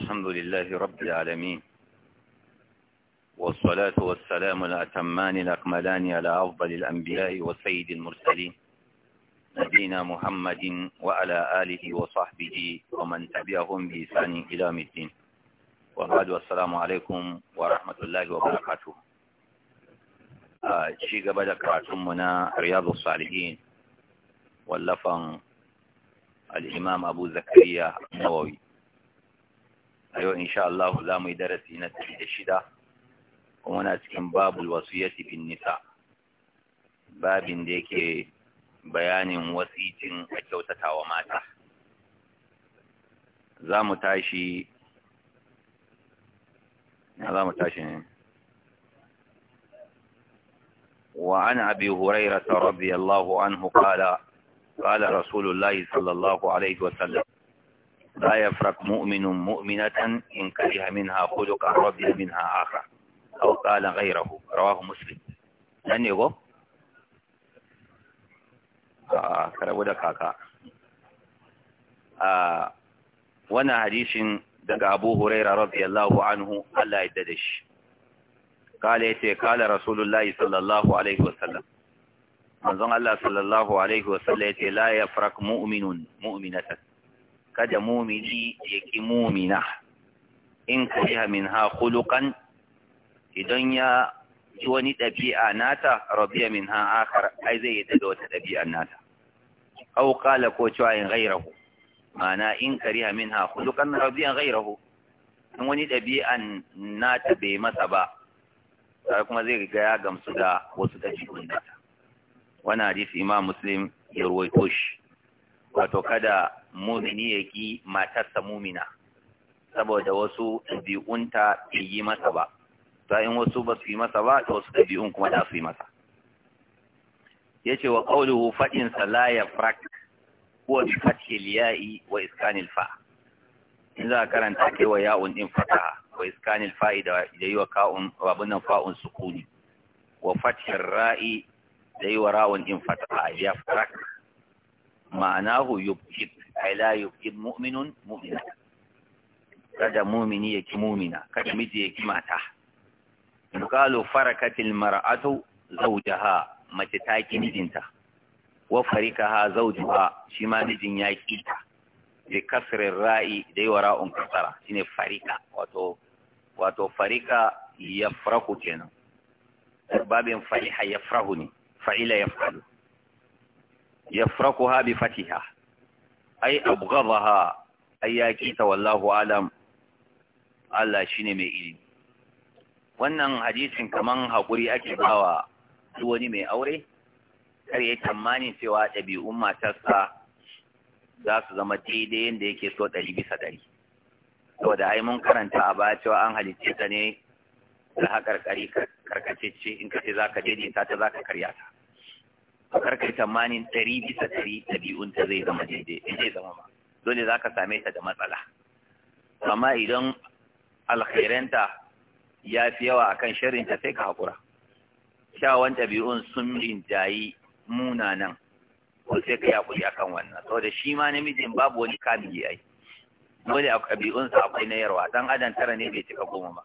الحمد لله رب العالمين والصلاة والسلام الأتمان الأكملان على أفضل الأنبياء وسيد المرسلين نبينا محمد وعلى آله وصحبه ومن تبعهم بإسان إلى مدين وبعد والسلام عليكم ورحمة الله وبركاته شيء قبل كراتمنا رياض الصالحين واللفن الإمام أبو زكريا النووي a yau insha Allah za mu yi darasi na da shida. kuma na cikin babul ya bin nisa babin da yake bayanin wasitin a kyautatawa mata za mu tashi za mu tashi ne وعن أبي هريرة رضي الله عنه قال قال رسول الله صلى الله عليه وسلم لا يفرق مؤمن مؤمنة إن كره منها خلق رضي منها آخر أو قال غيره رواه مسلم لن يقول karabu da kaka wannan hadishin daga abu huraira radiyallahu anhu Allah ya dade shi kala yace kala rasulullahi sallallahu alaihi wasallam manzon Allah sallallahu alaihi wasallam yace la yafrak mu'minun mu'minatan kada mumini ya ki mumina in kariha ha kulukan idan ya ji wani ɗabi'a nata rabiya ha akar ai zai yi da wata ɗabi'a nata au kala ko cewa in gairahu ma'ana in min minha khuluqan rabiya gairahu in wani ɗabi'an nata bai masa ba sai kuma zai riga ya gamsu da wasu ɗabi'un nata Wani hadisi imam muslim ya ruwaito shi wato kada mumini ya ki matarsa mumina saboda wasu ɗabi'unta ta yi masa ba ta in wasu ba su yi masa ba ta wasu ɗabi'un kuma da su yi masa ya ce wa ƙauluhu faɗinsa la ya frak ko bi fatke liya'i wa iskanil fa in za a karanta ke wa ya'un ɗin fata wa iskanil fa'i da yi wa ka'un abin nan fa'un sukuni wa fatkin ra'i da yi wa ra'un ɗin fata ya frak ma'anahu yubkit ai la yukin mu'minun mu'mina kada mumini ya ki mumina kada miji ya ki mata yuqalu farakatil mar'atu zawjaha mace ta ki mijinta wa farikaha zawjuha shi ma mijin ya ki ta bi ra'i da yawa ra'un shine farika wato wato farika kenan bi fatiha ai abghadaha ai ya ta wallahu alam Allah shine mai ilimi wannan hadisin kaman hakuri ake bawa duk wani mai aure kar ya tamani cewa ɗabi'un matarsa za su zama daidai yanda yake so ɗari bisa ɗari saboda ai mun karanta a baya cewa an halicce ta ne da haƙarƙari karkacecce in ka ce za ka daidaita ta za ka karya ta A karka yi tamanin ɗari bisa ɗari ɗabi'un ta zai zama daidai zai zama ba dole za ka same ta da matsala amma idan alkhairanta ya fi yawa akan shirinta sai ka haƙura kyawan ɗabi'un sun rinjayi munanan ko sai ka yaƙuri akan wannan saboda shi ma namijin babu wani kamin ya yi dole a ɗabi'unsa akwai na yarwa dan adam tara ne bai cika goma ba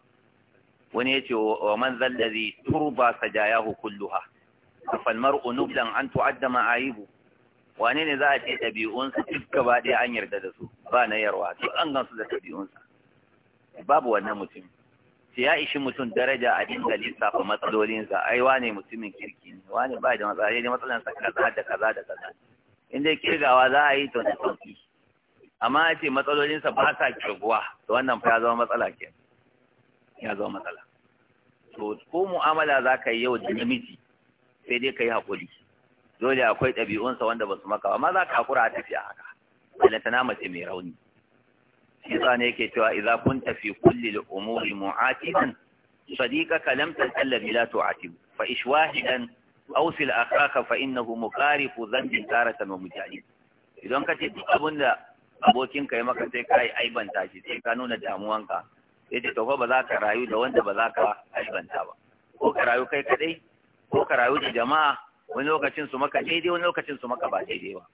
wani ya ce wa man zallazi turba sajayahu kulluha falmar unublan an tu'adda ma'aibu wane ne za a ce ɗabi'unsa duk gaba ɗaya an yarda da su ba na yarwa to an gansu da ɗabi'unsa babu wannan mutum sai ya ishi mutum daraja a dinga lissafa matsalolinsa ai wane mutumin kirki ne wane ba da matsala ne sa kaza da kaza da kaza in dai kirgawa za a yi to da sauki amma a ce matsalolinsa ba sa kirguwa to wannan fa ya zama matsala ke ya zama matsala to ko mu'amala za ka yi yau da namiji sai dai ka yi haƙuri dole akwai ɗabi'unsa wanda ba su maka amma za ka haƙura a tafiya haka balantana mace mai rauni shi ne yake cewa idza kun tafi kulli al ka mu'atiban صديقك لم تزل بلا تعاتب فإش واحدا أوصل أخاك فإنه مقارف ذنب idan ka إذن كتب أبن لا abokin ka yi maka sai ka yi aibanta shi sai ka nuna damuwanka sai ta ba za ka rayu da wanda ba za ka aibanta ba ko ka rayu kai kadai ko ka da jama'a wani lokacin su maka daidai wani lokacin su maka ba daidai ba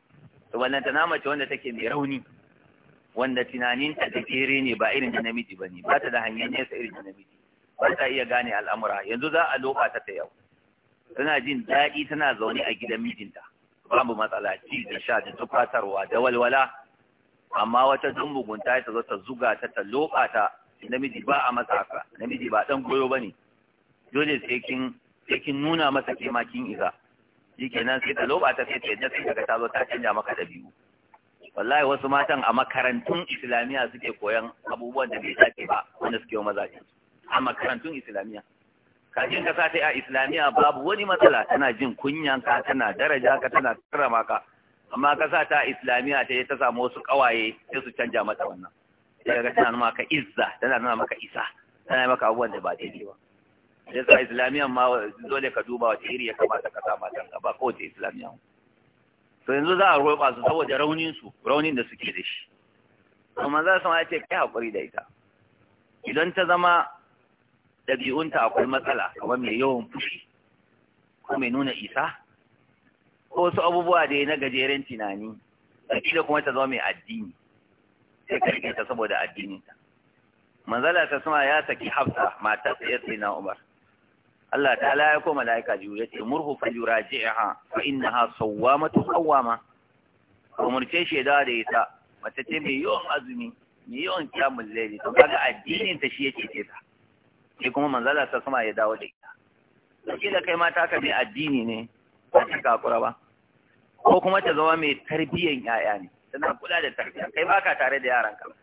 to wannan ta namace wanda take mai rauni wanda tunaninta da kere ne ba irin da namiji ba ne ba ta da hanyar nesa irin da namiji ba ta iya gane al'amura yanzu za a loba ta ta yau tana jin daɗi tana zaune a gidan mijinta babu matsala ci da sha da tufatarwa da walwala amma wata dumbugunta ta zo ta zuga ta ta loba ta namiji ba a matsaka namiji ba dan goyo ba ne dole sai kin sai kin nuna masa ke isa. kin isa shikenan sai ta loba ta sai ta yadda daga ta zo ta canja maka da biyu. wallahi wasu matan a makarantun islamiyya suke koyan abubuwan da bai dace ba wanda suke yawan mazaje a makarantun islamiyya kafin ka sa ta a islamiyya babu wani matsala tana jin kunyan ka tana daraja ka tana karrama ka amma ka sa ta islamiyya ta ta samu wasu kawaye sai su canja mata wannan sai ka tana nuna maka izza tana nuna maka isa tana maka abubuwan da ba daidai ba yasa islamiyan ma dole ka duba wace iri ya kamata ka sama can gaba ko wace islamiyan to yanzu za a roƙa su saboda raunin su raunin da suke da shi kuma za su ma ce kai haƙuri da ita idan ta zama ɗabi'unta akwai matsala kamar mai yawan fushi ko mai nuna isa ko wasu abubuwa da ya na gajeren tunani da kuma ta zama mai addini sai ka ta saboda addininta manzala ta sama ya saki hafsa matar da ya sai na umar Allah ala ya koma la'aika juru ya ce murhu ha, fa innaha mata qawwama umurce shi da da ita mace ce mai yawan azumi mai yawan kiyamul layli to kaga addinin ta shi ya ce ta sai kuma manzala ta sama ya dawo da ita da kai mata ka mai addini ne ba ta kakura ba ko kuma ta zama mai tarbiyyan yaya ne tana kula da tarbiyya kai baka tare da yaranka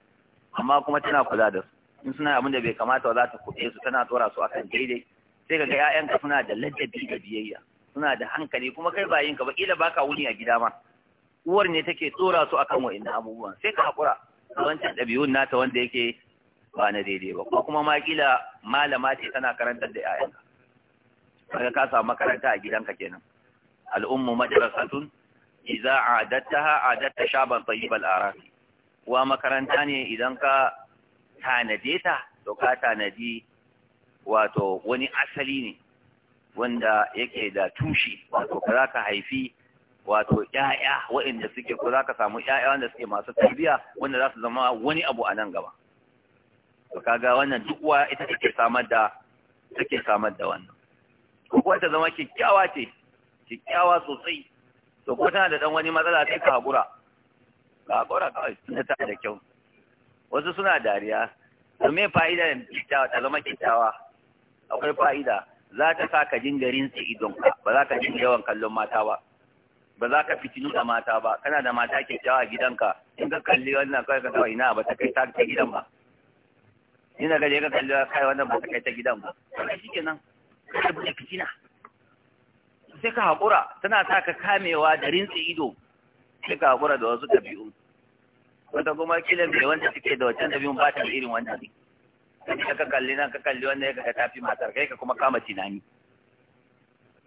amma kuma tana kula da su in suna abin da bai kamata ba za ta kuɗe su tana tora su akan daidai sai ka ga ƴaƴanka suna da ladabi da biyayya suna da hankali kuma kai ba yinka ba kila baka wuni a gida ma uwar ne take tsora su akan wa'annan abubuwan sai ka hakura wancan ɗabi'un nata wanda yake ba na daidai ba ko kuma ma kila malama ce tana karantar da ƴaƴanka kaga ka samu makaranta a gidanka kenan al'ummu madrasatun idza a'adattaha a'adatta shaban tayyibal araf wa makaranta ne idan ka tanade ta to ka tanadi wato wani asali ne wanda yake da tushi wato ka za ka haifi wato ‘ya'ya waɗanda suke ko za ka samu ‘ya'ya wanda suke masu tarbiya wanda za su zama wani abu a nan gaba to kaga wannan duk wa ita take samar da take samar da wannan ko kuma ta zama kyakkyawa ce kyakkyawa sosai to ko tana da dan wani matsala sai ka haƙura ka haƙura kawai tunda ta da kyau wasu suna dariya to me fa'ida da kikkiawa ta zama kikkiawa akwai fa'ida za ta sa ka jin jingarin su idonka ba za ka jin yawan kallon mata ba ba za ka fitinu da mata ba kana da mata ke kyakkyawa gidanka in ka kalli wannan kawai ka tawa ina ba ta kai ta ta gidan ba ina gaje ka kalli kai wannan ba ta kai ta gidan ba kana shikenan kada bude fitina sai ka haƙura tana sa ka kamewa da rintsi ido sai ka haƙura da wasu ɗabi'u wata kuma kilan bai wanda suke da wancan ɗabi'un ba ta da irin wannan ne ka ka kalli nan ka kalli wannan ya ga tafi matar kai ka kuma kama tunani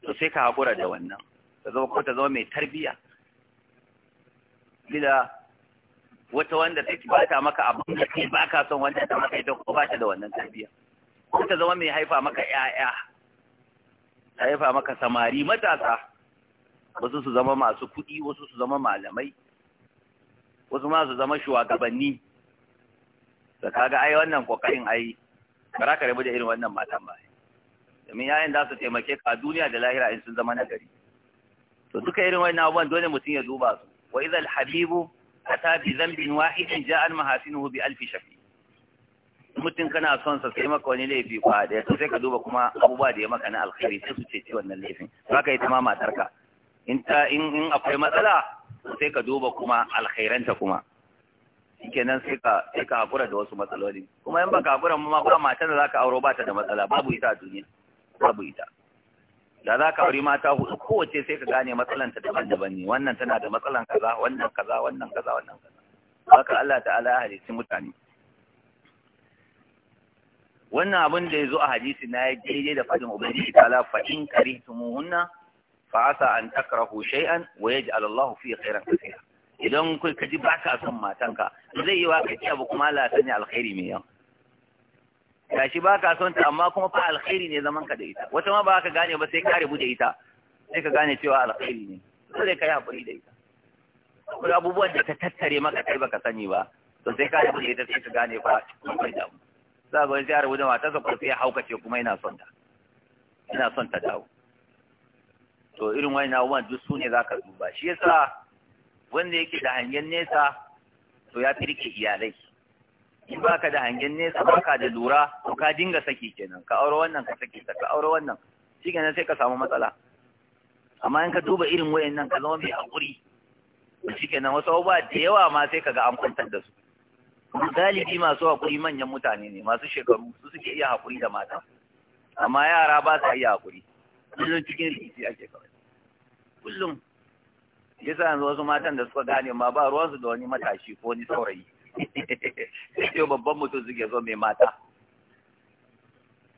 to sai ka haƙura da wannan ta zama ko ta zama mai tarbiya bila wata wanda take ba ta maka abin da kai ba ka son wanda ta maka ita ko ba ta da wannan tarbiya ko ta zama mai haifa maka ƴaƴa ta haifa maka samari matasa wasu su zama masu kuɗi wasu su zama malamai wasu ma su zama shugabanni da kaga ai wannan kokarin ai bara ka rabu da irin wannan matan ba domin yayin za su taimake ka duniya da lahira in sun zama nagari to duka irin wannan abubuwan dole mutum ya duba su wa idza al habibu ata bi dhanbin wahidin ja'a mahasinuhu bi alf shafi mutum kana son sa sai maka wani laifi fa da sai ka duba kuma abubuwa da ya maka na alkhairi sai su ce wannan laifin za ka yi ta ma matarka in ta in akwai matsala sai ka duba kuma alkhairanta kuma kenan sai ka sai ka hakura da wasu matsaloli kuma in baka hakura ma ba matan da zaka auro ba ta da matsala babu ita a duniya babu ita da zaka aure mata hudu kowace sai ka gane matsalan ta daban-daban ne wannan tana da matsalan kaza wannan kaza wannan kaza wannan kaza haka Allah ta'ala ya halicci mutane wannan abin da ya zo a hadisi na ya daidai da fadin ubangiji ta'ala fa in karihtumuhunna fa asa an takrahu shay'an wa yaj'al Allahu fi khairan kaseera idan kai ka ji baka son matanka zai yi wa ka ci abu kuma Allah sanya alkhairi mai yau gashi baka son ta amma kuma fa alkhairi ne zaman ka da ita wata ma ba ka gane ba sai ka rubu da ita sai ka gane cewa alkhairi ne sai ka yi hakuri da ita akwai abubuwan da ka tattare maka kai baka sani ba to sai ka rubu da ita sai ka gane fa akwai damu za ga sai rubu da matarsa ko sai ya haukace kuma ina son ta ina son ta dawo to irin wani abubuwan duk su ne za ka duba shi yasa wanda yake da hangen nesa to ya fi rike iyalai in baka da hangen nesa baka da lura to ka dinga saki kenan ka aure wannan ka saki ta ka aure wannan shi kenan sai ka samu matsala amma in ka duba irin wayannan ka zama mai hakuri shi kenan wasu abubuwa da yawa ma sai ka ga an kwantar da su galibi masu hakuri manyan mutane ne masu shekaru su suke iya hakuri da mata amma yara ba sa iya hakuri kullum cikin rikici ake kawai kullum yasa yanzu wasu matan da suka gane ma ba ruwansu da wani matashi ko wani saurayi sai babban mutum suke zo mai mata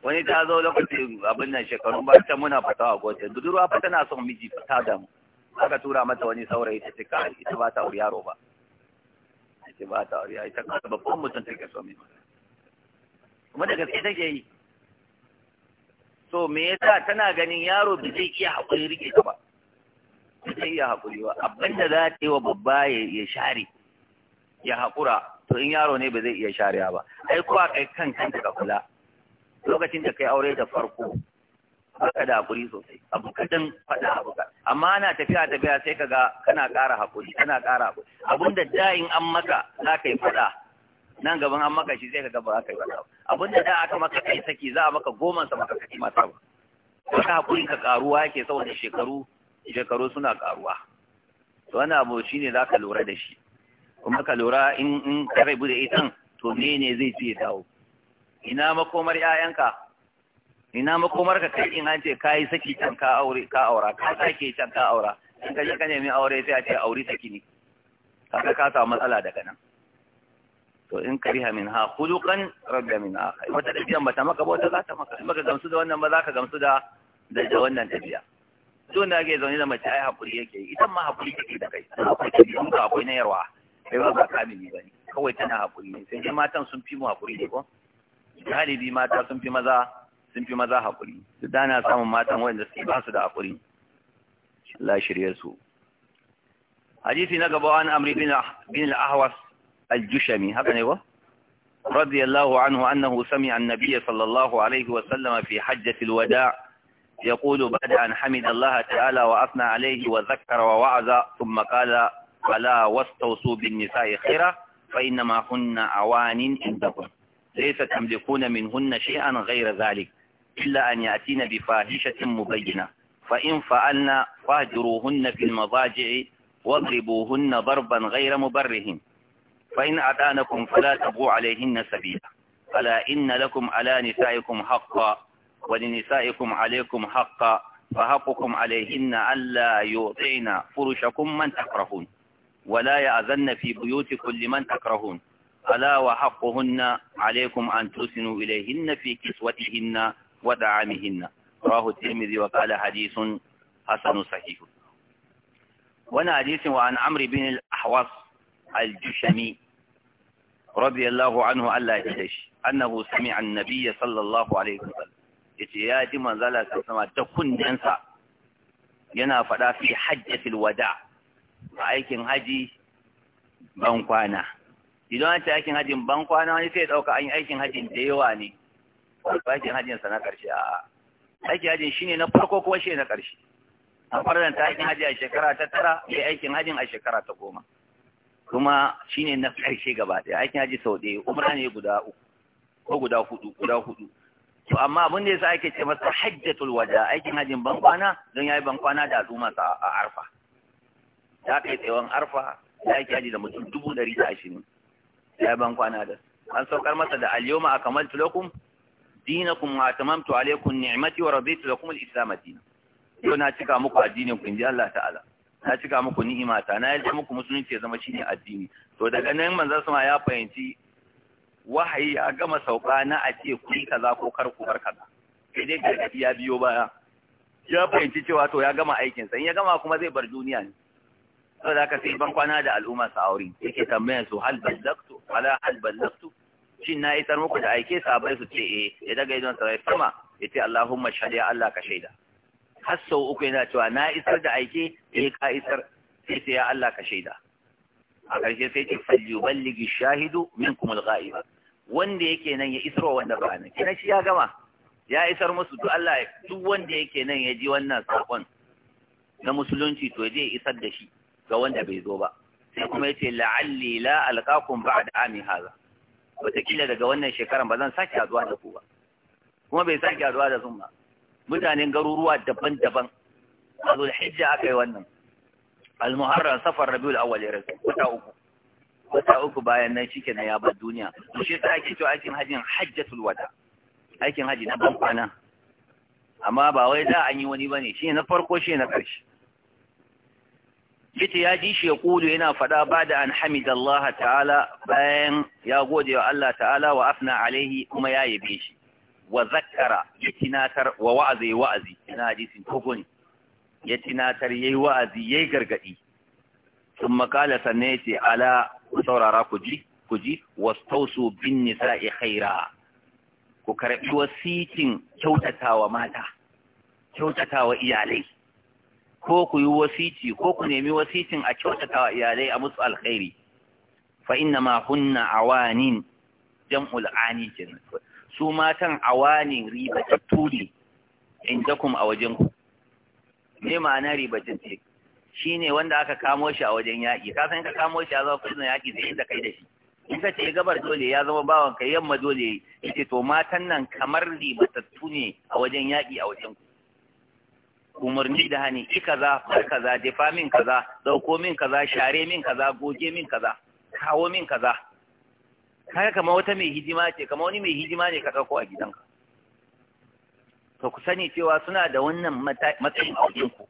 wani ta zo lokaci abin nan shekarun ba ta muna fatawa gote budurwa fa tana son miji da damu aka tura mata wani saurayi ta cika ita ba ta wuri yaro ba ita ba ta aure ita kasa babban mutum take so mai kuma da gaske take yi so me yasa tana ganin yaro bai zai iya haƙuri rike ta ba sai ya iya haƙuri ba abinda za ta yi wa babba ya share ya haƙura to in yaro ne ba zai iya shariya ba ai kuwa kai kan kanta ka kula lokacin da kai aure da farko haka da haƙuri sosai abu kadan faɗa abu ka amma ana tafiya tafiya sai ka ga kana ƙara haƙuri kana ƙara haƙuri abinda da in an maka za ka yi faɗa nan gaban an maka shi sai ka ga ba za ka yi faɗa ba. abinda da aka maka kai saki za a maka goma sama maka kai mata ba wata haƙurin ka ƙaruwa yake saboda shekaru shekaru suna karuwa to wani abu shine za ka lura da shi kuma ka lura in in ka rai bude ita to menene zai ce dawo ina makomar 'ya'yanka? ina makomar ka kai in an ce kai saki can ka aure ka aura ka sake can ka aura in ka je ka nemi aure sai a ce aure saki ne kaga ka samu matsala daga nan to in kariha min ha khuluqan radda min akhi wata dabiya ba ta maka ba wata za ta maka in baka gamsu da wannan ba za ka gamsu da da wannan dabiya don da ake zaune da mace ai hakuri yake ita ma hakuri take da kai akwai ta da ka akwai na yarwa kai ba ba kamili bane kawai tana hakuri ne sai dai matan sun fi mu hakuri ne ko galibi mata sun fi maza sun fi maza hakuri su dana samun matan wanda suke ba su da hakuri Allah shirye su hadisi na gaba an amri ah-, bin al-ahwas al-jushami haka ne ko رضي الله عنه أنه سمع النبي صلى الله عليه وسلم في حجة الوداع يقول بعد أن حمد الله تعالى وأثنى عليه وذكر ووعظ ثم قال فلا واستوصوا بالنساء خيرا فإنما هن أوان عندكم ليس تملكون منهن شيئا غير ذلك إلا أن يأتين بفاحشة مبينة فإن فعلن فاهجروهن في المضاجع واضربوهن ضربا غير مبرهن فإن أتانكم فلا تبغوا عليهن سبيلا فلا إن لكم على نسائكم حقا ولنسائكم عليكم حقا فحقكم عليهن ألا يوطعن فرشكم من تكرهون ولا يأذن في بيوتكم لمن تكرهون ألا وحقهن عليكم أن تسنوا إليهن في كسوتهن ودعمهن رواه الترمذي وقال حديث حسن صحيح وانا حديث وعن عمرو بن الأحوص الجشمي رضي الله عنه ألا يدش أنه سمع النبي صلى الله عليه وسلم yace ya ji manzala ta sama ta kundinsa. yana faɗa fi hajjatil wada a aikin haji ban kwana idan an ce aikin hajin ban kwana wani sai ɗauka an yi aikin hajin da yawa ne aikin hajin sa na ƙarshe a aikin hajin shine na farko kuma shi na ƙarshe an ta aikin haji a shekara ta tara sai aikin hajin a shekara ta goma kuma shine na ƙarshe gaba ɗaya aikin haji sau ɗaya umra ne guda uku ko guda hudu guda hudu to amma abin da yasa ake ce masa hajjatul wada aikin hajjin ban kwana don yayi ban kwana da al'umma a arfa ya kai tsayon arfa ya yi haji da mutum dubu ɗari da ashirin ya yi ban kwana da an saukar masa da alyoma a kamar tulakum dinakum wa tamamtu alaikum ni'mati wa raditu lakum al-islam dinan yau na cika muku addinin ku inji Allah ta'ala na cika muku ta na yadda muku musulunci ya zama shine addini to daga nan manzon sama ya fahimci wahayi ya gama sauka na a ce kun kaza ko kar ku bar kaza sai dai gargaɗi ya biyo baya ya fahimci cewa to ya gama aikin sa in ya gama kuma zai bar duniya ne saboda ka sai ban kwana da al'umma sa aure yake tambayan su hal ballaktu ala hal ballaktu shin na isar muku da aike sabai su ce eh ya daga idon sa sama ya ce Allahumma shahida ya Allah ka shaida har sau uku yana cewa na isar da aike eh ka isar sai sai ya Allah ka shaida a ƙarshe sai ce balligi shahidu minkum al-ghaiba wanda yake nan ya wa wanda ba nan kina shi ya gama ya isar musu duk Allah duk wanda yake nan ya ji wannan sakon na musulunci to je isar da shi ga wanda bai zo ba sai kuma yace la'alli la alqakum ba'da ami hadha wataƙila daga wannan shekaran ba zan sake haduwa da ku ba kuma bai sake azuwa da sun ba mutanen garuruwa daban-daban a hijja aka yi wannan al-muharram safar rabiul awwal ya rasu wata uku wata uku bayan nan shi kenan ya bar duniya to shi yasa ake cewa aikin hajjin hajjatul wada aikin haji na ban kwana amma ba wai da an yi wani bane shi na farko shi na ƙarshe Fiti ya ji shi ya kudu yana faɗa ba da an Allah ta'ala bayan ya gode wa Allah ta'ala wa afna alaihi kuma ya yabe shi wa Zakara ya tinatar wa wa'azi wa'azi yana hadisin kogo ya tinatar yayi wa'azi yayi gargaɗi. sun makala sannan ya ce ala ku saurara ku ji ku ji wastausu bin nisa'i khaira ku karbi wasitin kyautatawa mata kyautatawa iyalai ko ku yi wasiti ko ku nemi wasitin a kyautatawa iyalai a musu alkhairi fa inna ma hunna awanin jam'ul ani su matan awanin ribatattu ne in jakum a wajen ku me ma'ana ribatacce Shi ne wanda aka kamo shi a wajen yaƙi ka san ka kamo shi ya zama prisoner yaƙi sai inda kai da shi in ka ce gabar dole ya zama bawan kai yamma dole ya ce to matan nan kamar ribatattu ne a wajen yaƙi a wajen ku umarni da hani ki kaza far kaza defa min kaza dauko min kaza share min kaza goge min kaza kawo min kaza kaya kama wata mai hidima ce kama wani mai hidima ne ka ɗauko a gidanka to ku sani cewa suna da wannan matsayin a wajen ku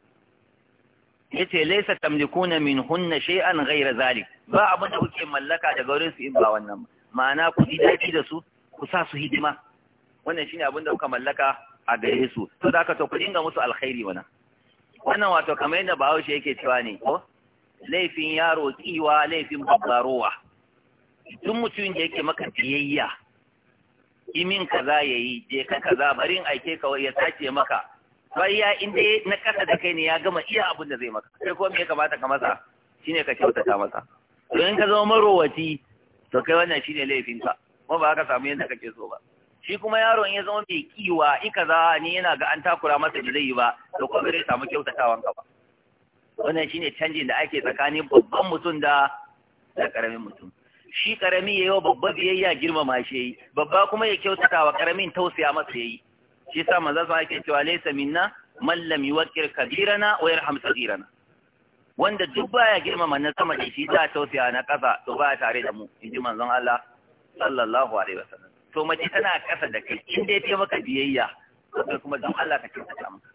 Ya ce laisa tamlikuna hunna shay'an ghayra zalik ba abin da kuke mallaka daga wurin su in ba wannan ma'ana ku ji daɗi da su ku sa su hidima wannan shine abin da kuka mallaka a gare su to da ka to ku dinga musu alkhairi wannan wannan wato kamar yadda Bahaushe yake cewa ne ko laifin yaro tsiwa laifin babbarowa duk mutumin da yake maka biyayya imin kaza yayi je ka kaza barin aike ka ya sace maka ba in inda na kasa da kai ne ya gama iya abin da zai maka sai ko me ya kamata ka masa shine ka kyautata masa to in ka zama marowaci to kai wannan shine laifin ka kuma ba ka samu yadda kake so ba shi kuma yaro in ya zama mai kiwa ika za ni yana ga an takura masa da zai yi ba to kuma zai samu kyautatawan ka ba wannan shine canjin da ake tsakanin babban mutum da da karamin mutum shi karami yayi babba biyayya girmama shi yayi babba kuma ya kyautata wa karamin tausaya masa yayi shi sa maza sa ake cewa "Laisa minna man lam kabirana wa yarham sadirana wanda duk baya girmama na sama da shi za tausaya na kasa to baya tare da mu inji manzon Allah sallallahu alaihi wasallam to mace tana kasa da kai in dai ta maka biyayya sai kuma dan Allah ka kyautata maka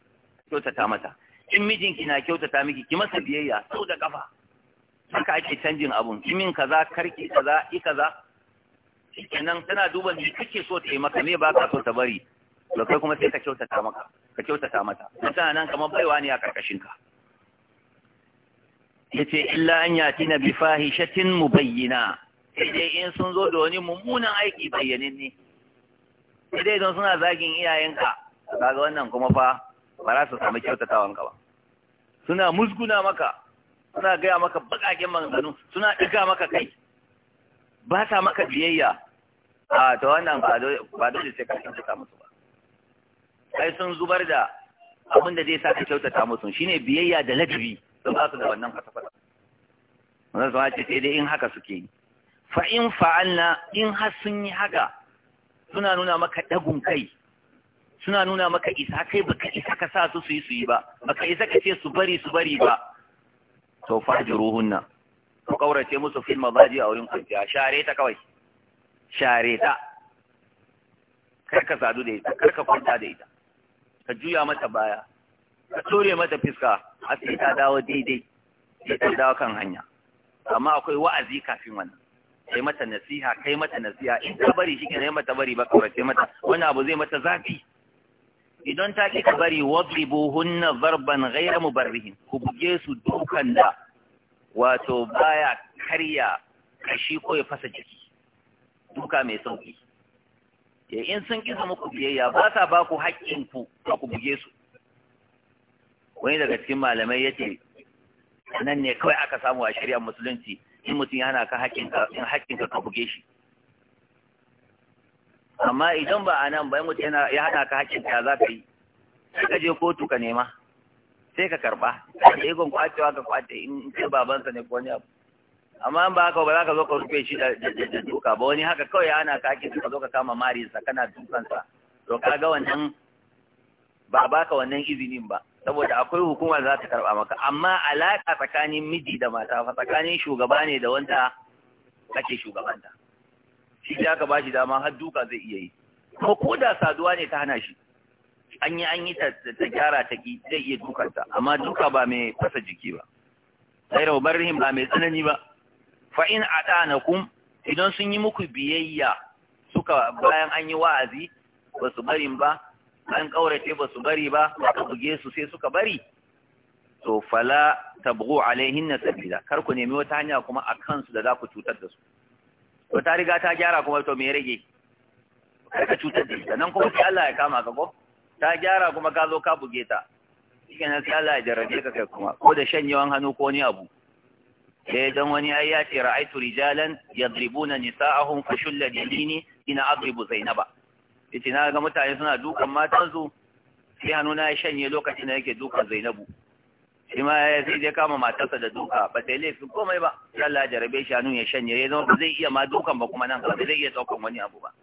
kyautata mata in mijinki na kyautata miki ki masa biyayya sau da kafa haka ake canjin abun kimin kaza karki kaza i kaza kenan tana duba me kake so ta yi maka me ba ka so ta bari da kai kuma sai ka kyautata maka ka kyautata mata dan nan kamar baiwa ne a karkashin ka yace illa an yati na bi fahishatin mubayyina sai dai in sun zo da wani mummunan aiki bayyanin ne sai dai don suna zagin iyayenka kaga wannan kuma fa ba za su samu ka ba suna musguna maka suna gaya maka bakakin manzanu suna ɗiga maka kai ba sa maka biyayya a ta wannan ba dole sai ka kyautata musu ba ai sun zubar da abin da zai sa ka kyautata musu shine biyayya da ladabi sun ba su da wannan kwata-kwata wannan zama ce sai dai in haka suke yi fa in fa'alna in har sun yi haka suna nuna maka dagun kai suna nuna maka isa kai baka isa ka sa su su yi su yi ba baka isa ka ce su bari su bari ba to ruhunna ku kaurace musu fil mabaji a wurin kwanciya share ta kawai share ta kar ka sadu da ita kar ka kwanta da ita ka juya mata baya ka tsore mata fiska a sai ta dawo daidai sai ta dawo kan hanya amma akwai wa'azi kafin wannan kai mata nasiha kai mata nasiha in ta bari shi kenan mata bari ba kawai sai mata wani abu zai mata zafi idan ta ki ka bari buhunna zarban ghayra mubarrihin ku buge su dukan da wato baya karya kashi ko ya fasa jiki duka mai sauki ya in sun kisa muku biyayya ba sa ba ku haƙƙinku ba ku buge su wani daga cikin malamai ya ce nan ne kawai aka samu a shari'ar musulunci in mutum ya hana ka haƙƙinka ka buge shi amma idan ba a nan ba mutum ya hana ka haƙƙinka za ka yi sai ka je kotu ka nema sai ka karɓa da ikon kwacewa ka kwace in ce babansa ne ko wani abu amma ba haka ba za ka zo ka rufe shi da duka ba wani haka kawai ana kaki suka zo ka kama marisa kana dukansa to ka ga wannan ba ba ka wannan izinin ba saboda akwai hukuma za ta karɓa maka amma alaka tsakanin miji da mata fa tsakanin shugaba ne da wanda kake shugabanta shi ya ka bashi dama har duka zai iya yi ko ko da saduwa ne ta hana shi an yi an yi ta gyara ta ki zai iya dukanta amma duka ba mai fasa jiki ba sai raubar ba mai tsanani ba fa in adanakum idan sun yi muku biyayya suka bayan an yi wa'azi ba su bari ba an kaurace ba su bari ba ka buge su sai suka bari to fala tabghu alaihinna sabila kar ku nemi wata hanya kuma a kansu da za ku cutar da su to ta riga ta gyara kuma to me rage kar ka cutar da ita nan kuma sai Allah ya kama ka ko ta gyara kuma ka zo ka buge ta shi kenan sai Allah ya jarrabe ka kai kuma ko da shanyewan hannu ko ni abu sai eh, dan wani ai ya ce ra'aitu rijalan yadribuna nisa'ahum fa shulla yamini ina adribu zainaba yace na ga mutane suna dukan matan su sai hannuna ya shanye lokacin da yake dukan zainabu shi ma ya sai dai kama matarsa da duka ba sai laifin komai ba Allah ya jarabe shi hannu ya shanye ya zama ba zai iya ma dukan ba kuma nan ba zai iya daukan wani abu ba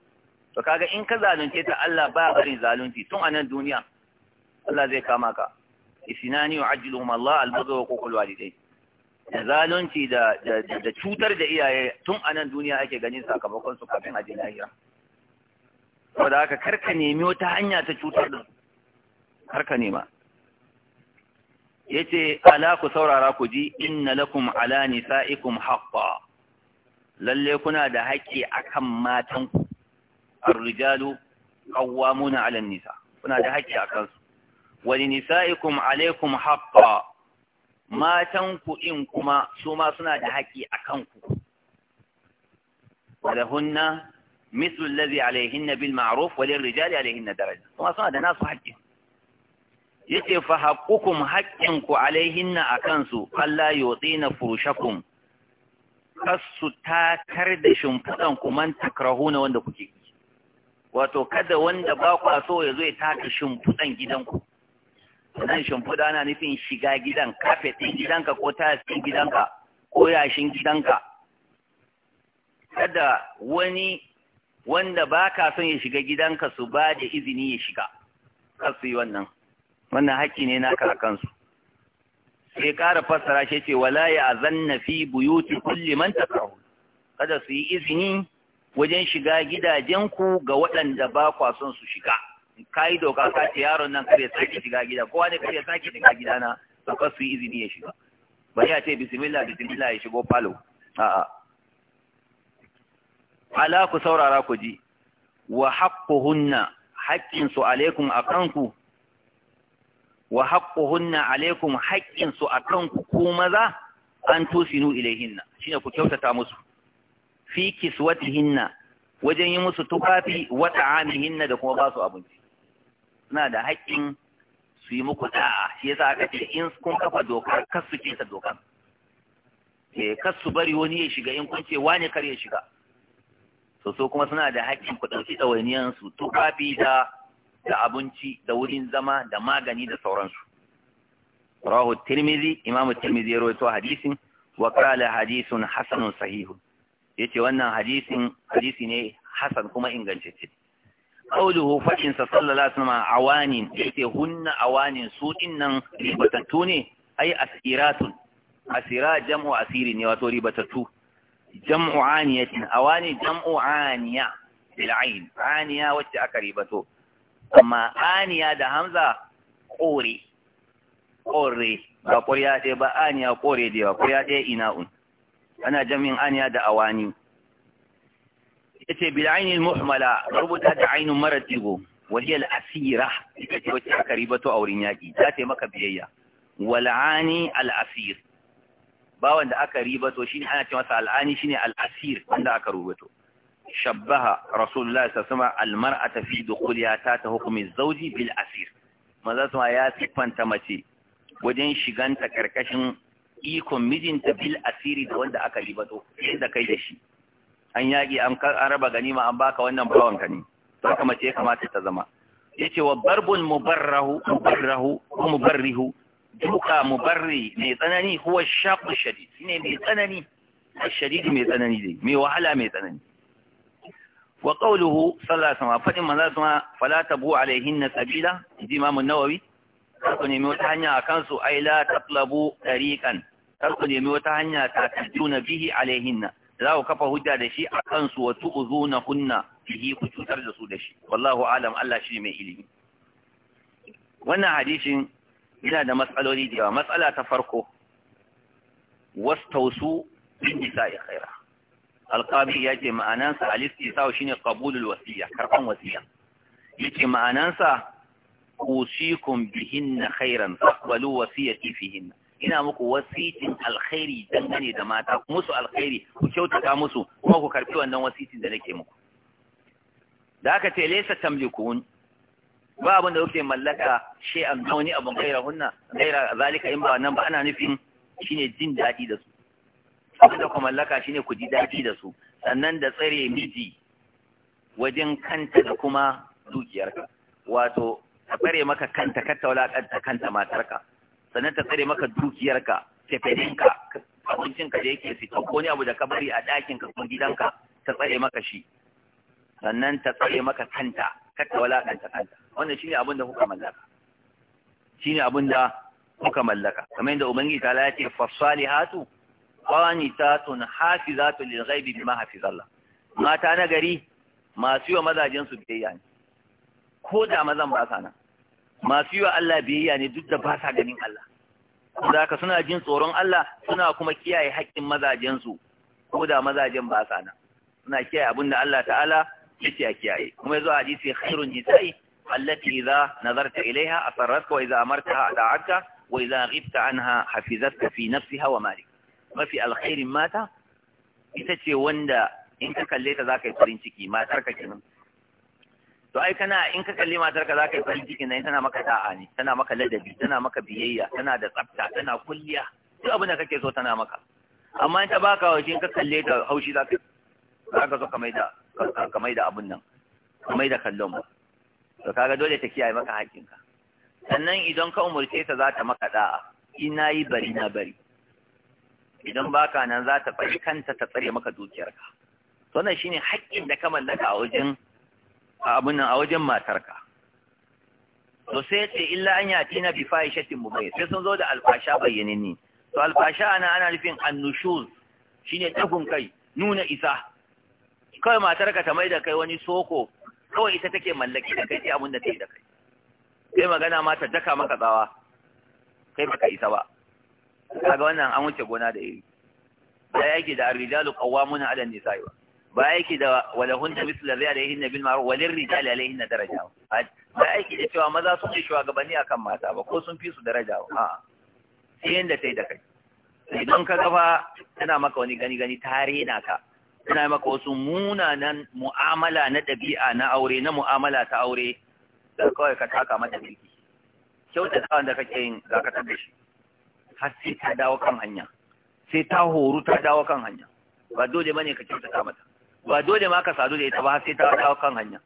to kaga in ka zalunce ta Allah ba barin zalunci tun anan duniya Allah zai kama ka isinani yu'ajjiluhum Allah al-bughwa wa da walidayhi da zalunci da cutar da iyaye tun a nan duniya ake ganin sakamakon su kafin a je lahira saboda haka karka nemi wata hanya ta cutar da karka nema yace ala ku saurara ku ji inna lakum ala nisaikum haqqan lalle kuna da haƙƙi akan matan ku ar-rijalu qawwamuna ala nisa kuna da haƙƙi akan su wa nisaikum alaikum haqqan matan ku in kuma su ma suna da haƙƙi a kanku walahunna mislu allazi alaihinna bil ma'ruf wa lil rijali alaihinna daraja kuma suna da nasu haƙƙi ce fa haqqukum haqqinku alaihinna akan su na yutina furushakum kasu tatar da shimfiɗan ku man takrahuna wanda kuke wato kada wanda ba ku so ya zo ya taka shimfiɗan gidanku nan shimfiɗa na nufin shiga gidan kafe ɗin gidanka ko tasirin gidanka ko yashin gidanka kada wani wanda ba ka son ya shiga gidanka su ba da izini ya shiga kar su yi wannan wannan haƙƙi ne na kakansu sai ƙara fassara shi ce wala ya na fi buyuti kulli man takrahu kada su yi izini wajen shiga gidajenku ga waɗanda ba kwa son su shiga ka yi doka ka ce yaron nan kare sake shiga gida kowa ne kare sake shiga gida na to ka su yi izini ya shiga ba ya ce bismillah bismillah ya shigo falo a'a ala ku saurara ku ji wa haqquhunna haqqin su alaikum akanku wa haqquhunna alaikum haqqin su akanku ku maza an tusinu ilaihinna shine ku kyautata musu fi kiswatihinna wajen yi musu tufafi wa ta'amihinna da kuma ba su abinci suna da haƙƙin su yi muku da'a shi yasa aka ce in kun kafa dokar kar su kesa dokar eh kar su bari wani ya shiga in kun ce wani kar ya shiga so so kuma suna da haƙƙin ku ɗauki ɗawainiyan su tufafi da da abinci da wurin zama da magani da sauransu rahu tirmizi imamu tirmizi ya rawaito hadisin wa qala hadisun hasanun sahihun yace wannan hadisin hadisi ne hasan kuma ingantacce qawluhu fashin sa sallallahu alaihi wasallam awanin yace hunna awanin su dinnan ribatattu ne ai asiratun asira jam'u asiri ne wato ribatattu jam'u aniyatin awani jam'u aniya bil ain aniya wacce aka ribato amma aniya da hamza kore kore ba ƙwarya ɗaya ba aniya kore da yawa ƙwarya ɗaya ina'un ana jam'in aniya da awani yace bil muhmala rubuta da ainun mara tigo wahiyal asira ita ce wacce aka to a wurin yaki za ta yi maka biyayya wal'ani al'asir ba wanda aka ribato shi ne ana ce masa al'ani shi ne al'asir wanda aka rubato shabbaha rasulullah ta sama almar'ata fi dukuliya ta ta hukumin zauji bil asir maza ya sifanta mace wajen shiganta karkashin ikon mijinta bil asiri da wanda aka ribato da kai da shi an yaƙi an raba ganima an baka wannan bawan ka ne to haka mace ya kamata ta zama yace wa barbun mubarrahu mubarrahu ko mubarrihu duka mubarri mai tsanani huwa shaqu shadid ne mai tsanani shadid mai tsanani dai mai wahala mai tsanani wa qawluhu sallallahu alaihi wasallam fadin manzo kuma fala tabu alaihinna sabila imam an-nawawi ku nemi wata hanya a su ai la tatlabu tariqan kar ku nemi wata hanya ta tajuna bihi alaihinna za ku kafa hujja da shi a kansu wa tu'zuna kunna bihi ku cutar da su da shi wallahu alam Allah shi mai ilimi wannan hadisin yana da matsaloli da yawa matsala ta farko wastausu bin nisa'i khaira alqabi yace ma'anansa al-istisau shine qabulul wasiya karban wasiya yace ma'anansa usikum bihinna khairan faqbalu wasiyati fihinna ina muku wasitin alkhairi dangane da mata musu alkhairi ku kyautata musu kuma ku karbi wannan wasitin da nake muku da aka ce laysa tamlikun ba abin da kuke mallaka shi an wani abin gaira hunna gaira zalika in ba nan ba ana nufin shine jin dadi da su abin da ku mallaka shine ku ji dadi da su sannan da tsare miji wajen kanta da kuma dukiyarka wato tsare maka kanta kattaula kanta kanta matarka sannan ta tsare maka dukiyarka tefeninka abincinka da yake sita ko ne abu da ka bari a ɗakinka kuma gidanka ta tsare maka shi sannan ta tsare maka kanta kata walaƙanta kanta wannan shine abin da kuka mallaka shine abin da kuka mallaka kamar yadda ubangiji ta lalace fasalihatu qanitatun hafizatu lil ghaibi bima hafizallah mata na gari masu yi mazajen su biyayya ne ko da mazan ba sa nan masu yi Allah biyayya ne duk da ba sa ganin Allah Kazaka suna jin tsoron Allah suna kuma kiyaye haƙƙin mazajensu ko da mazajen ba sa nan suna kiyaye abin da Allah ta'ala ya ce a kiyaye kuma yazo hadisi khairun nisa'i allati idza nazarta ilaiha asarratka wa idza amartaha ata'atka wa idza ghibta anha hafizatka fi nafsiha wa malik mafi alkhairin mata ita ce wanda in ka kalle ta zaka yi farin ciki matar ka kenan to ai kana in ka kalli matar ka zaka yi farin ciki nan tana maka da'a ne tana maka ladabi tana maka biyayya tana da tsafta tana kulliya duk abin da kake so tana maka amma in ta baka waje in ka kalle ta haushi zaka zaka so ka maida ka da abun nan ka maida kallon ba to kaga dole ta kiyaye maka hakinka sannan idan ka umurce ta za ta maka da'a ina yi bari na bari idan baka nan za ta fari kanta ta tsare maka dukiyarka to wannan shine haƙƙin da ka mallaka a wajen a abin nan a wajen matarka to sai ce illa an yati na bi fahishatin bai sai sun zo da alfasha ni. to alfasha ana ana nufin Shi shine tafin kai nuna isa kawai matarka ta maida kai wani soko kawai ita take mallaki da kai sai abin da ta da kai sai magana ma ta daka maka tsawa kai baka isa ba kaga wannan an wuce gona da iri da yake da arrijalu qawwamuna ala nisa'i ba aiki da walahunna misla zai alaihinna bil ma'ruf walin rijali na daraja ba aiki da cewa maza sun yi shugabanni kan mata ba ko sun fi su daraja ba a'a sai ta yi da kai idan ka gaba tana maka wani gani gani ta rena ka tana maka wasu munanan mu'amala na ɗabi'a na aure na mu'amala ta aure da kawai ka taka mata Kyauta kyautatawa da kake yin zakatar da shi har sai ta dawo kan hanya sai ta horu ta dawo kan hanya ba dole bane ka ta mata ba dole ma ka sadu da ita ba sai ta kawo kan hanya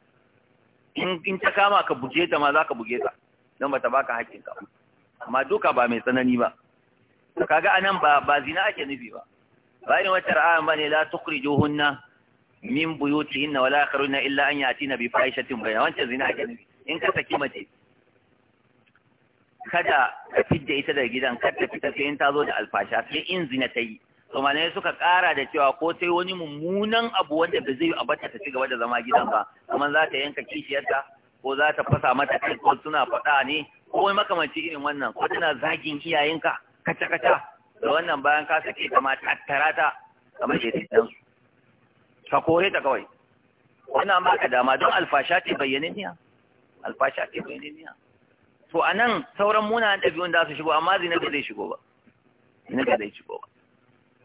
in ta kama ka buge ta ma za ka buge ta don ba ta baka hakkin ka amma duka ba mai tsanani ba kaga anan ba ba zina ake nufi ba bayan wata ba bane la johunna min buyutihinna wala yakhrujna illa an yatina bi fahishatin bayan wancan zina ake nufi in ka saki mace kada ka fidda ita daga gidan kada ta fita sai in ta zo da alfasha sai in zina ta yi to suka ƙara da cewa ko sai wani mummunan abu wanda ba zai a bata ta ci gaba da zama gidan ba kamar za ta yanka kishiyarta ko za ta fasa mata kai ko suna faɗa ne ko wai makamanci irin wannan ko tana zagin iyayenka kaca kaca da wannan bayan ka sake ta ma tattara ta kamar ke ta ka kore ta kawai wannan ba ka dama don alfasha ce bayyananniya alfasha ce bayyananniya to anan sauran munanan ɗabi'un da su shigo amma zinabi zai shigo ba zinabi zai shigo ba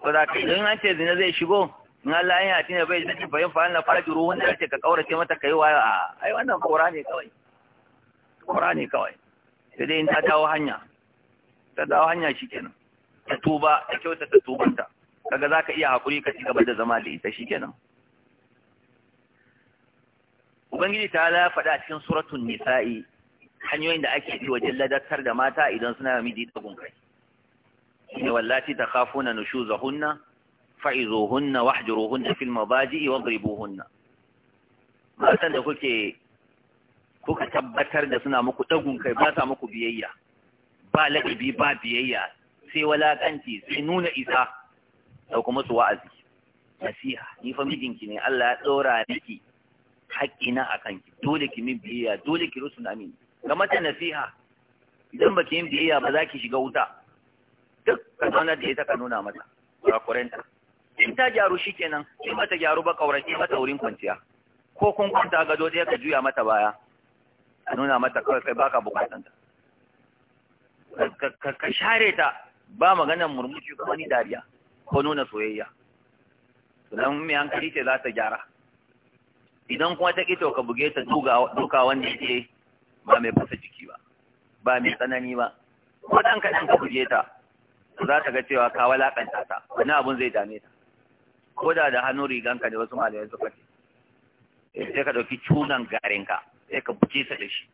ko in an ce zina zai shigo in Allah ya tina bai zai ci bayan fa'al na fajiru wanda ake ka kaurace mata kai wa a ai wannan kora ne kawai kora ne kawai sai dai in ta dawo hanya ta dawo hanya shikenan ta tuba ta kyauta ta tubanta kaga zaka iya hakuri ka ci gaba da zama da ita shikenan ubangiji ta la faɗa cikin suratun nisa'i hanyoyin da ake bi wajen ladatar da mata idan suna miji ta gunkai ne wallati ta kafuna nushuzahunna fa'izuhunna wahjuruhunna fil mabaji'i wadribuhunna matan da kuke kuka tabbatar da suna muku dagun kai ba sa muku biyayya ba ladabi ba biyayya sai walakanci sai nuna isa da kuma su wa'azi nasiha ni fa mijinki ne Allah ya tsora miki haƙƙina a kanki dole ki min biyayya dole ki rusuna min ga mata nasiha idan baki yin biyayya ba za ki shiga wuta duk ka da ita ka nuna mata kurakurenta in ta gyaru shi kenan in mata gyaru ba kaurace mata wurin kwanciya ko kun kwanta gado ɗaya ka juya mata baya ka nuna mata kawai kai baka ta ka share ta ba maganan murmushi ko wani dariya ko nuna soyayya don mai hankali ce za ta gyara idan kuma ta kito ka buge ta duka wanda yake ba mai fasa jiki ba ba mai tsanani ba ko ɗan kaɗan ka buge ta za ta ga cewa ka walakanta ta wani abun zai dame ta ko da da hannu riganka da wasu malamai suka ce eh, sai ka ɗauki cunan garinka sai ka buce sa da shi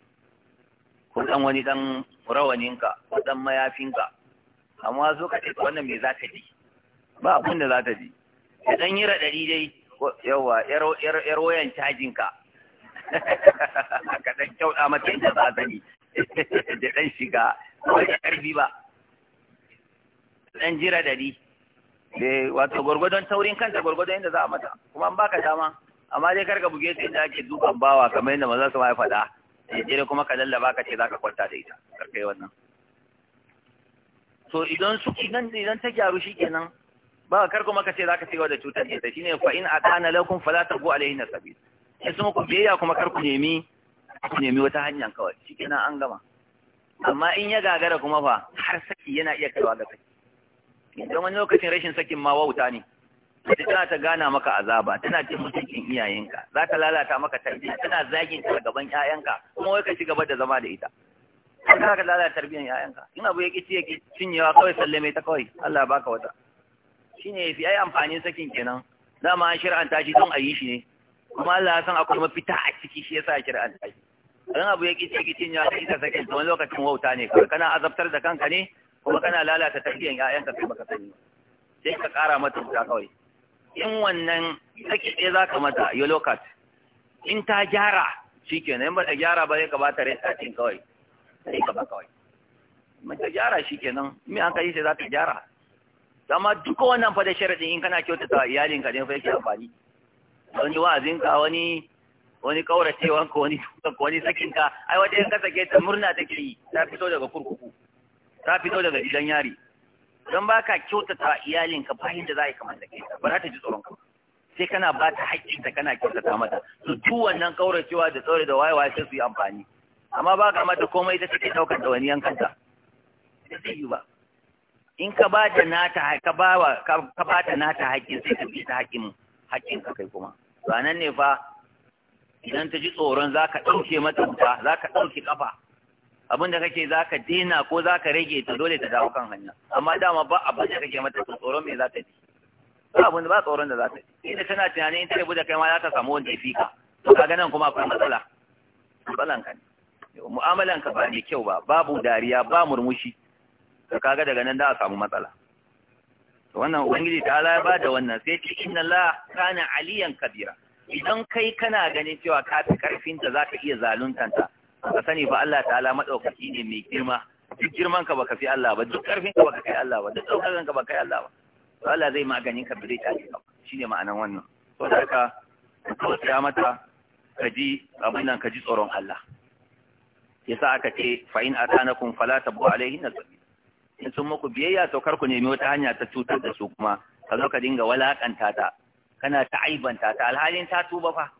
ko dan wani dan rawaninka ko dan mayafinka amma zo ka ce wannan me za ta ji ba abun da za ta ji ya dan yi raɗaɗi dai yawa yar wayan cajin ka ka dan kyauta mata inda za ta ji da dan shiga ba da ƙarfi ba Ɗan jira ɗari da eh, wato gwargwadon taurin kanta gwargwadon inda za a mata kuma an baka dama amma dai karka buge su inda ake dukan bawa kamar yadda maza su ma ya faɗa jere eh, kuma ka lallaba ka ce za ka kwanta da ita karka yi wannan to idan su idan idan ta gyaru shikenan ba kar kuma ka ce za ka cigaba da cutar ita shine fa in atana lakum fala tabu na nasabil Sai kuma ku biyayya kuma kar ku nemi ku nemi wata hanyar kawai shikenan an gama amma in ya gagara kuma fa har saki yana iya kaiwa ga saki don wani lokacin rashin sakin ma wauta ne wata tana ta gana maka azaba tana cin mutuncin iyayenka za ta lalata maka tarbiyya tana zagin ta gaban ƴaƴanka kuma wai ka ci gaba da zama da ita har za ka lalata tarbiyyar ƴaƴanka in abu ya ki ci ya ki cinyewa kawai sallame ta kawai Allah baka wata shine yafi ai amfanin sakin kenan dama an shir'anta shi don a yi shi ne kuma Allah ya san akwai mafita a ciki shi yasa shir'anta shi idan abu ya ki ci ya ki cinyewa sai ka sakin wani lokacin wauta ne kana azabtar da kanka ne kuma kana lalata tarbiyyar ƴaƴanka kai baka sani sai ka ƙara mata wuta kawai in wannan saki ɗaya za ka mata yellow card in ta gyara shi kenan in ba ta gyara ba zai ka bata red card kawai sai ka ba kawai in ta gyara shi kenan me an kai sai za ta gyara amma duka wannan fa da sharadin in kana kyautata wa iyalinka ne fa yake amfani wani wa'azinka wani wani kauracewanka wani wani sakinka ai wata in ka sake ta murna take yi ta fito daga kurkuku ta fito daga gidan yari don ba ka kyautata iyalinka ba da za a yi kamar da ke ba za ta ji tsoron ka sai kana ba ta haƙƙinta kana kyautata mata su tu wannan ƙauracewa da tsore da wayewa sai su yi amfani amma ba ka mata komai ta take ɗaukar wani kanta da zai yi ba in ka ba nata ka ba wa ka ba ta nata haƙƙin sai ka bi ta haƙƙin haƙƙin ka kai kuma ranan ne fa idan ta ji tsoron za ka ɗauke mata wuta za ka ɗauke ƙafa abin da kake za ka dina ko za ka rage ta dole ta dawo kan hanya amma dama ba abin da kake mata tsoron me za ta ji ba abin da ba tsoron da za ta ji inda tana tunanin in ta rabu da kai ma za ta samu wanda ya fi ka to kaga nan kuma akwai matsala matsalan ka ne mu'amalan ka ba mai kyau ba babu dariya ba murmushi to kaga daga nan za a samu matsala to wannan ubangiji ta ala ba da wannan sai ce inna la kana aliyan kabira idan kai kana ganin cewa ka fi karfin ta za ka iya zaluntanta ka sani ba Allah ta'ala madaukaki ne mai girma duk girman ka baka fi Allah ba duk karfin ka baka kai Allah ba duk daukakan ka baka kai Allah ba to Allah zai maganin ka bare ta ka ne ma'anan wannan to da ka tausaya mata ka ji abin nan ka ji tsoron Allah Ya sa aka ce fa in atanakum fala tabu alaihin sabila in sun muku biyayya to kar ku nemi wata hanya ta cutar da su kuma ka zo ka dinga walakanta ta kana ta aibanta ta alhalin ta tuba fa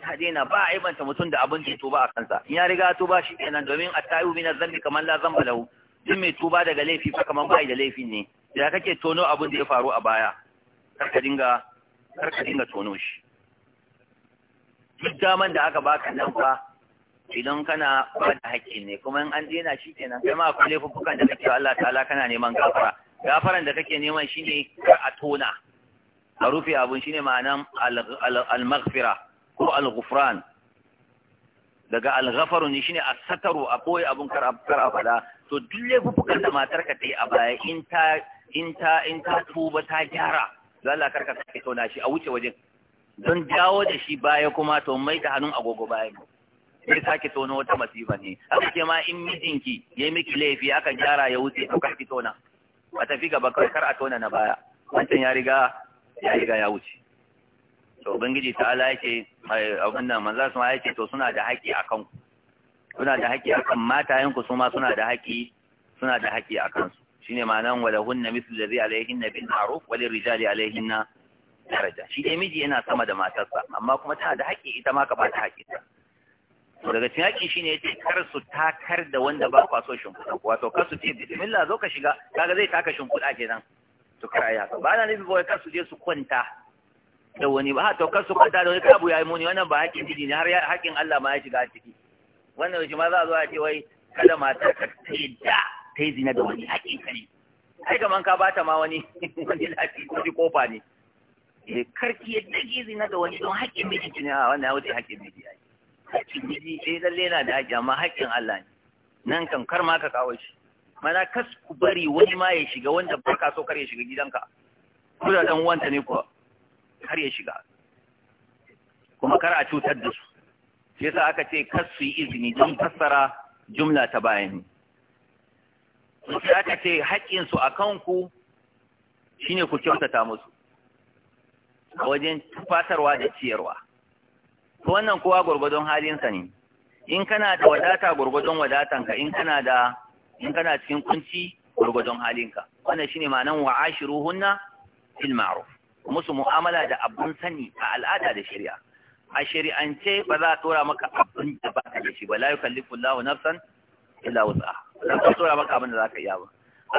ya daina ba a ibanta mutum da abin da ya tuba a kansa in ya riga tuba shi kenan domin a tayu min zambi kamar la zamba lahu din mai tuba daga laifi fa kamar bai da laifin ne ya kake tono abin da ya faru a baya kar ka dinga kar ka dinga tono shi duk daman da aka baka nan fa idan kana ba da haƙƙi ne kuma in an daina shi kenan kai ma akwai laifuffukan da kake Allah ta'ala kana neman gafara gafaran da kake neman shine a tona a rufe abun shine ma'anan al maghfirah ko al-ghufran daga al-ghafaru ne shine a sataru a boye abun kar a abada to duk laifukan da matar ka ta a baya in ta in ta in ta tuba ta gyara lalla karka sake tona shi a wuce wajen don dawo da shi baya kuma to mai ta hannun agogo baya ne. sai sake tona wata masifa ne haka ke ma in mijinki yayi miki laifi aka gyara ya wuce to karki tona a tafi gaba kar a tona na baya wancan ya riga ya riga ya wuce to ubangiji ta ala yake abin nan manzo sun yake to suna da haƙi akan ku suna da haƙi akan matayen ku su ma suna da haƙi suna da haƙi akan su shine ma'anan wala hunna mithlu allazi alaihinna bil ma'ruf wa lirrijali alaihinna daraja shi dai miji yana sama da matarsa amma kuma tana da haƙi ita ma ka ba ta haƙinta to daga cikin haƙi shine yace kar su takar da wanda ba kwa so ku wato kar su ce bismillah zo ka shiga kaga zai taka da kenan to kar ayi haka ba na nufi kawai kar su je su kwanta da wani ba to kar su kwanta da wani kabu ya yi muni wannan ba haƙƙin miji ne har haƙƙin Allah ma ya shiga ciki wannan shi ma za a zo a ce wai kada mata ka ta yi da ta yi zina da wani haƙƙin ka ne ai kaman ka bata ma wani wani lafi ji kofa ne eh karki ya dage zina da wani don haƙƙin miji ne a wannan ya wuce haƙƙin miji ai haƙƙin miji eh lalle na da haƙƙi amma haƙƙin Allah ne nan kan kar ma ka kawo shi mana kas ku bari wani ma ya shiga wanda baka so kar ya shiga gidanka ko da dan uwanta ne kuwa har ya shiga kuma kar a cutar da su shi yasa aka ce kar su yi izini don fassara jumla ta bayan shi aka ce haƙƙinsu a kanku shine ku kyautata musu a wajen fatarwa da ciyarwa Ta wannan kowa gwargwadon halinsa ne in kana da wadata gwargwadon wadatanka in kana da in kana cikin kunci gwargwadon halinka wannan shine ma'anan wa ashiruhunna fil ma'ruf musu mu'amala da abun sani a al'ada da shari'a a shari'ance ba za a tura maka abin da ba ka da shi ba la yukallifu Allahu nafsan illa wus'aha za ka tora maka abin da za ka iya ba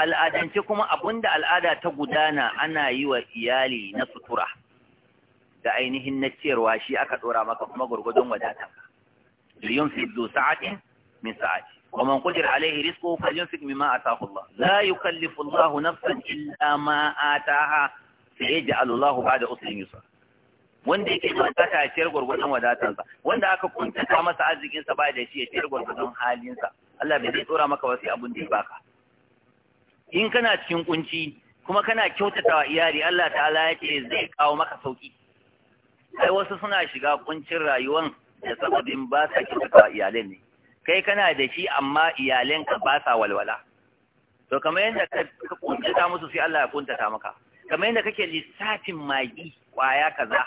al'adance kuma abin da al'ada ta gudana ana yi wa iyali na sutura da ainihin na ciyarwa shi aka tora maka kuma gurgudun wadata liyun fi zu sa'atin min sa'ati wa man qadir alaihi rizquhu falyunfiq mimma ataahu Allah la yukallifu Allahu nafsan illa ma ataaha sai ya Allahu ba da usulin yusra wanda yake wadata ya ciyar gwargwadon wadatansa wanda aka kuntata masa arzikinsa ba da shi ya gurgurdan halin halinsa Allah bai zai tsora maka wasu abun da ya baka in kana cikin kunci kuma kana kyautatawa iyali Allah ta'ala ya zai kawo maka sauki Sai wasu suna shiga kuncin rayuwar da sababin ba sa kyautatawa iyalen ne kai kana da shi amma iyalanka ba sa walwala to kamar yadda ka kuntata musu sai Allah ya kuntata maka kamar yadda kake lissafin magi kwaya kaza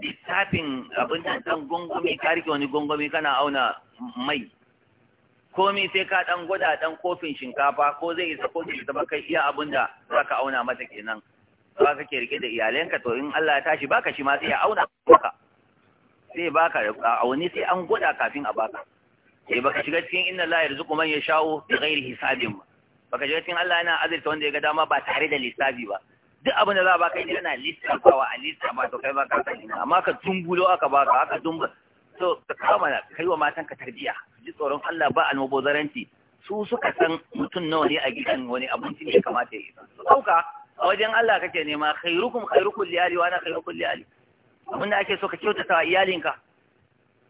lissafin abin da dan gongomi ka rike wani gongomi kana auna mai komi sai ka dan gwada dan kofin shinkafa ko zai isa ko zai ba kai iya abin da za ka auna mata kenan ba kake rike da iyalanka to in Allah ya tashi baka shi ma sai ya auna maka sai baka a wani sai an gwada kafin a baka sai eh, baka shiga cikin inna la yarzuqu man yasha'u bi ghairi hisabin baka shiga cikin Allah yana azurta wanda ya ga dama ba tare da lissafi ba duk abin da za a baka idan na lissafawa a lissafa to kai ba ka sani amma ka tumbulo aka baka aka dumba to ka kama na kai wa matan ka tarbiya ji tsoron Allah ba almubazaranci su suka san mutum nawa ne a gidan wani abinci ne kamata ya yi so dauka a wajen Allah kake nema khairukum khairukum liyali wa ana khairukum liyali abinda ake so ka kyautata wa iyalinka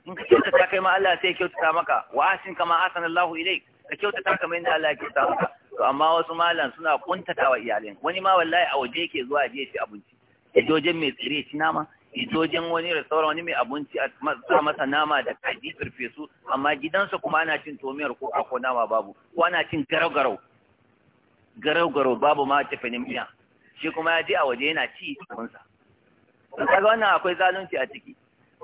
in ka kyautata kai ma Allah sai ya kyautata maka wa asin kama asanallahu ilaik ka ta kamar yadda Allah ya kyauta maka to amma wasu malam suna kuntata wa iyalin wani ma wallahi a waje yake zuwa je shi abinci ya dojen mai tsire ci nama ya dojen wani restaurant wani mai abinci a sa masa nama da kaji su amma gidansa kuma ana cin tomiyar ko ko nama babu ko ana cin garau-garau garau-garau babu ma tafanin miya shi kuma ya je a waje yana ci abinsa kaga wannan akwai zalunci a ciki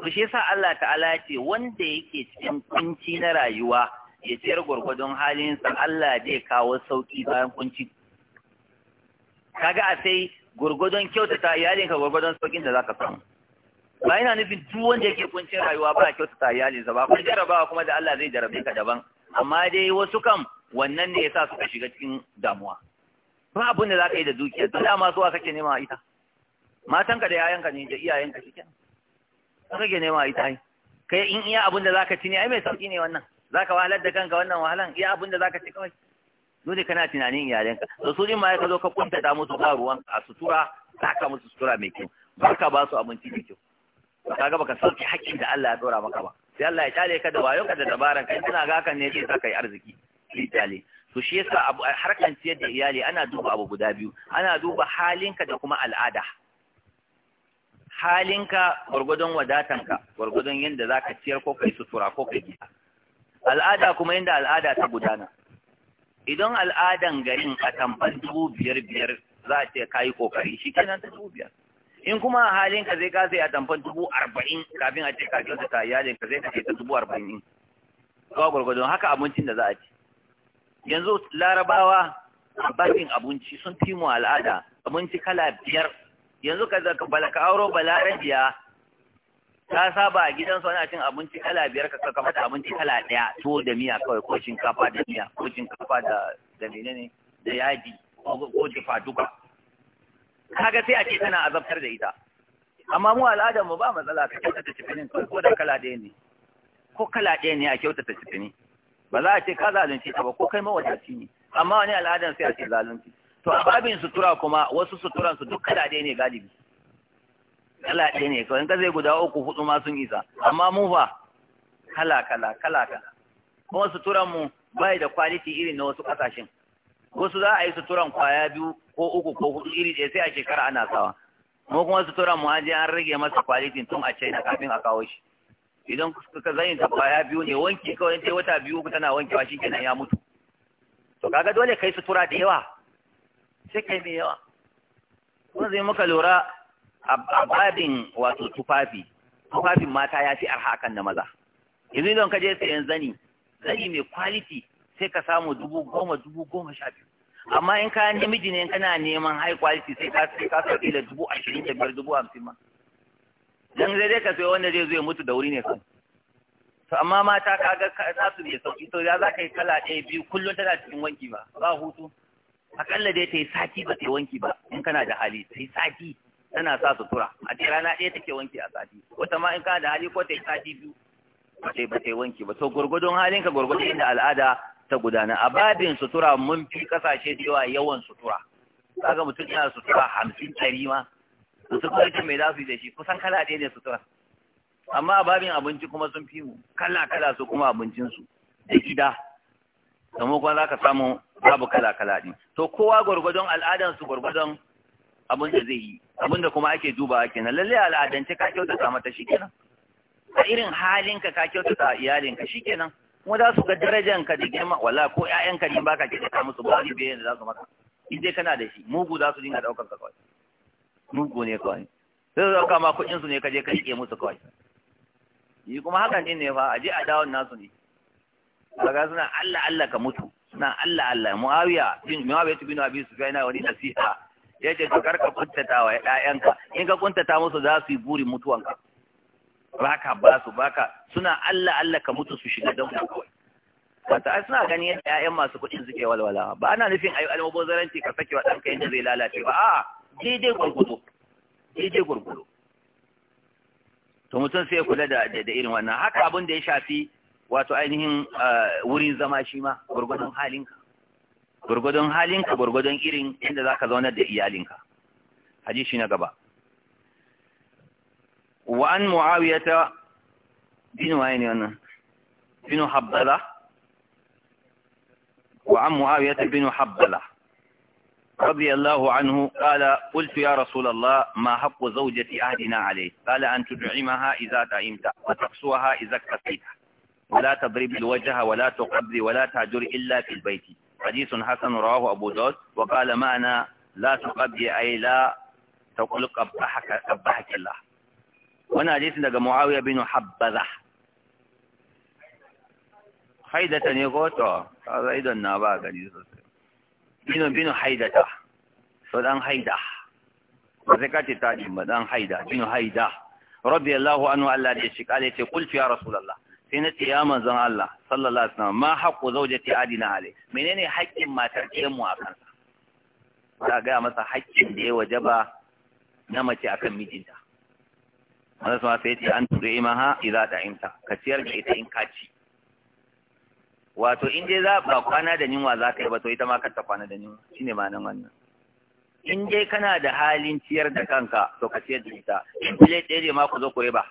to shi yasa Allah ta'ala ya ce wanda yake cikin kunci na rayuwa ya ciyar gwargwadon halinsa Allah zai kawo sauki bayan kunci kaga a sai gwargwadon kyautata iyalinka gwargwadon saukin da zaka samu ba yana nufin duk wanda yake kuncin rayuwa ba kyautata iyalinsa ba kun jarabawa kuma da Allah zai jarabe ka daban amma dai wasu kam wannan ne yasa suka shiga cikin damuwa ba abin da zaka yi da dukiya to dama zuwa kake nema ita Matan ka da yayanka ne da iyayenka shikenan kake nema ita ai kai in iya abin da zaka ci ne ai mai sauki ne wannan za ka wahalar da kanka wannan wahalan iya abin da za ka ci kawai dole kana tunanin iyalanka da su ma ya ka zo ka kuntata musu ba ruwan a sutura za ka musu sutura mai kyau ba ka ba su abinci mai kyau ka ga baka sauke haƙƙin da Allah ya dora maka ba sai Allah ya tsare ka da ka da dabaran kai ina ga kan ne zai saka yi arziki kyale to shi yasa harkan ciyar da iyali ana duba abu guda biyu ana duba halinka da kuma al'ada halinka gwargwadon wadatanka gwargwadon yadda zaka ciyar ko kai sutura ko kai gida al'ada kuma inda al'ada ta gudana idan al'adan garin a tamfan dubu biyar biyar za a ce ka yi kokari shi kenan ta dubu biyar in kuma a halin ka zai ka sai a tamfan dubu arba'in kafin a ce ka kyauta ta iyalin ka zai ka ta dubu arba'in kawai gwargwado haka abincin da za a ci yanzu larabawa bakin abinci sun fi mu al'ada abinci kala biyar yanzu ka zaka ka auro balarabiya ta saba a gidan ana cin abinci kala biyar ka kafa da abinci kala ɗaya tuwo da miya kawai ko shinkafa da miya ko shinkafa da da menene da yaji ko jifa duka kaga sai a ce tana azabtar da ita amma mu al'adar mu ba matsala ka kyautata cifinin kawai ko da kala ɗaya ne ko kala ɗaya ne a kyautata cifini ba za a ce ka zalunci ta ba ko kai mawadaci ne amma wani al'adar sai a ce zalunci to a babin sutura kuma wasu suturan su duk kala ɗaya ne galibi kala ɗaya ne kawai in ka zai guda uku hudu ma sun isa amma mu fa kala kala kala kala kuma suturan mu bai da kwaliti irin na wasu kasashen wasu za a yi suturan kwaya biyu ko uku ko hudu iri ɗaya sai a shekara ana sawa mu kuma suturan mu an je an rage masa kwalitin tun a china kafin a kawo shi idan ka zanin ta kwaya biyu ne wanki kawai sai wata biyu uku tana wankewa shi kenan ya mutu to kaga dole kai sutura da yawa sai kai mai yawa kuma zai muka lura a babin wato tufafi tufafin mata ya fi arha kan na maza yanzu idan ka je sayan zani zani mai quality sai ka samu dubu goma dubu goma sha biyu amma in ka namiji ne kana neman high quality sai ka sai ka sauke da dubu ashirin da biyar dubu hamsin ma dan zai dai ka sai wanda zai zo ya mutu da wuri ne kan to amma mata ka ga za su mai sauki to ya za ka yi kala ɗaya biyu kullum tana cikin wanki ba ba hutu akalla dai ta yi sati ba ta yi wanki ba in kana da hali ta yi sati tana sa sutura a ce rana ɗaya take wanki a sati wata ma in ka da hali ko ta yi sati biyu ba yi ba sai wanki ba to gurgudun halin ka gurgudun inda al'ada ta gudana a babin sutura mun fi kasashe cewa yawan sutura kaga mutum yana sutura hamsin ɗari ma sutura ita mai za su yi da shi kusan kala ɗaya ne sutura amma a babin abinci kuma sun fi mu kala kala su kuma abincinsu da gida da kuma za ka samu babu kala kala ɗin to kowa gwargwadon al'adansu gwargwadon abin da zai yi abin da kuma ake ake na lalle al'adance ka kyautata mata shikenan a irin halinka ka kyautata iyalinka shikenan kuma za su ga darajanka da girma wala ko ka ne baka kyautata musu ba ni bayan da za su maka in dai kana da shi mugu za su dinga daukar ka kawai mugu ne kawai sai su dauka ma kuɗin su ne ka je ka rike musu kawai ni kuma hakan din ne fa a je a dawon nasu ne kaga suna Allah Allah ka mutu suna Allah Allah Muawiya bin Muawiya bin Abi Sufyan wani nasiha ya ce ka karka kuntata wa ‘ya'yanka in ka kuntata musu za su yi burin mutuwanka baka ba su baka suna Allah Allah ka mutu su shiga don ka wata suna ganin yadda ‘ya'yan masu kuɗin suke walwala ba ana nufin ayi zaranci ka sake wa ka yadda zai lalace ba a daidai gurgudu daidai gurgudu to mutum sai kula da da irin wannan haka abin da ya shafi wato ainihin eh, wurin zama shi ma gurgudun halinka gurgudun halinka gurgudun irin inda za ka zaunar da iyalinka hadishi na gaba wa an mu'awiyata bin waye ne wannan binu habbala wa an mu'awiyata binu habbala رضي الله عنه قال قلت يا رسول الله ما حق زوجة أهدنا عليه قال أن تدعمها إذا تعمت وتقصوها إذا اكتسيت ولا تضرب الوجه ولا تقبل ولا تعجر إلا في البيت حديث حسن رواه أبو داود وقال معنى لا تقبي أي لا تقول قبحك قبحك الله وانا حديث لك معاوية بن حبذة حيدة نغوتا هذا ايضا نباك قديس يعني. بن بن حيدة فدان حيدة وذكاة تاجم بن حيدة بن حيدة رضي الله عنه الذي يشك قلت يا رسول الله sai na ce ya manzon Allah sallallahu alaihi wasallam ma haqqu zawjati adina alai menene haƙƙin matar ke mu a sa ta gaya masa haƙƙin da ya wajaba na mace akan mijinta Allah sama sai ce an tuɗe maha idza ta'imta ka ciyar da ita in kaci wato in dai za ba kwana da ninwa za ka yi ba to ita ma kanta kwana da ninwa shine ma'anar wannan in dai kana da halin ciyar da kanka to ka ciyar da ita in filai ɗaya ma ku zo ku riba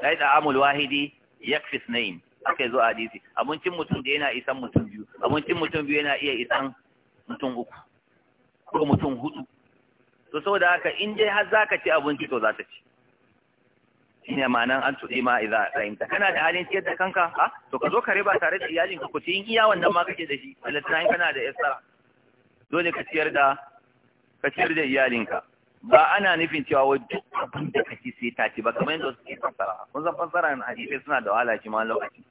sai da amul wahidi yakfi aka zo zo hadisi abincin mutum da yana isan mutum biyu abincin mutum biyu yana iya isan mutum uku ko mutum hudu to saboda haka in dai har zaka ci abinci to za ta ci shine ma'anan an tuɗe ma idza ra'inta kana da halin ciyar da kanka ha to ka zo ka riba tare da iyalin ka ku ci in iya wannan ma kake da shi Allah kana da yasara dole ka ciyar da ka ciyar da iyalinka ba ana nufin cewa wai duk abin da kake sai ta ce ba kamar yadda suke fassara kun san fassara na hadisi suna da wahala shi ma lokaci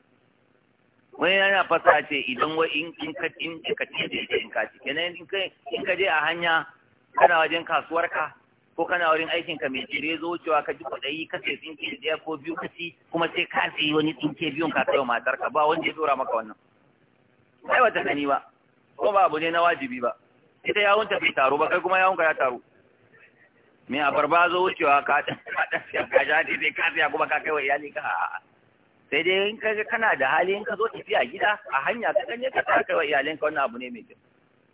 wani yana fassara ce idan wai in in ka in ka ce da in ka ce, kenan in ka in ka je a hanya kana wajen kasuwar ka ko kana wurin aikin ka mai jire zo cewa ka ji kuɗi ka sai tsinke ɗaya ko biyu ka ci kuma sai ka sai wani tsinke biyun ka kai wa matar ka ba wanda ya dora maka wannan ai wata gani ba ko ba abu ne na wajibi ba ita yawunta bai taru ba kai kuma ka ya taru me a barba zo wucewa ka dan ka ja ne sai ka tsaya kuma ka kai wa iyali ka sai dai in ka kana da hali in ka zo tafiya gida a hanya ka ganye ka ta kai wa iyalin ka wannan abu ne mai kyau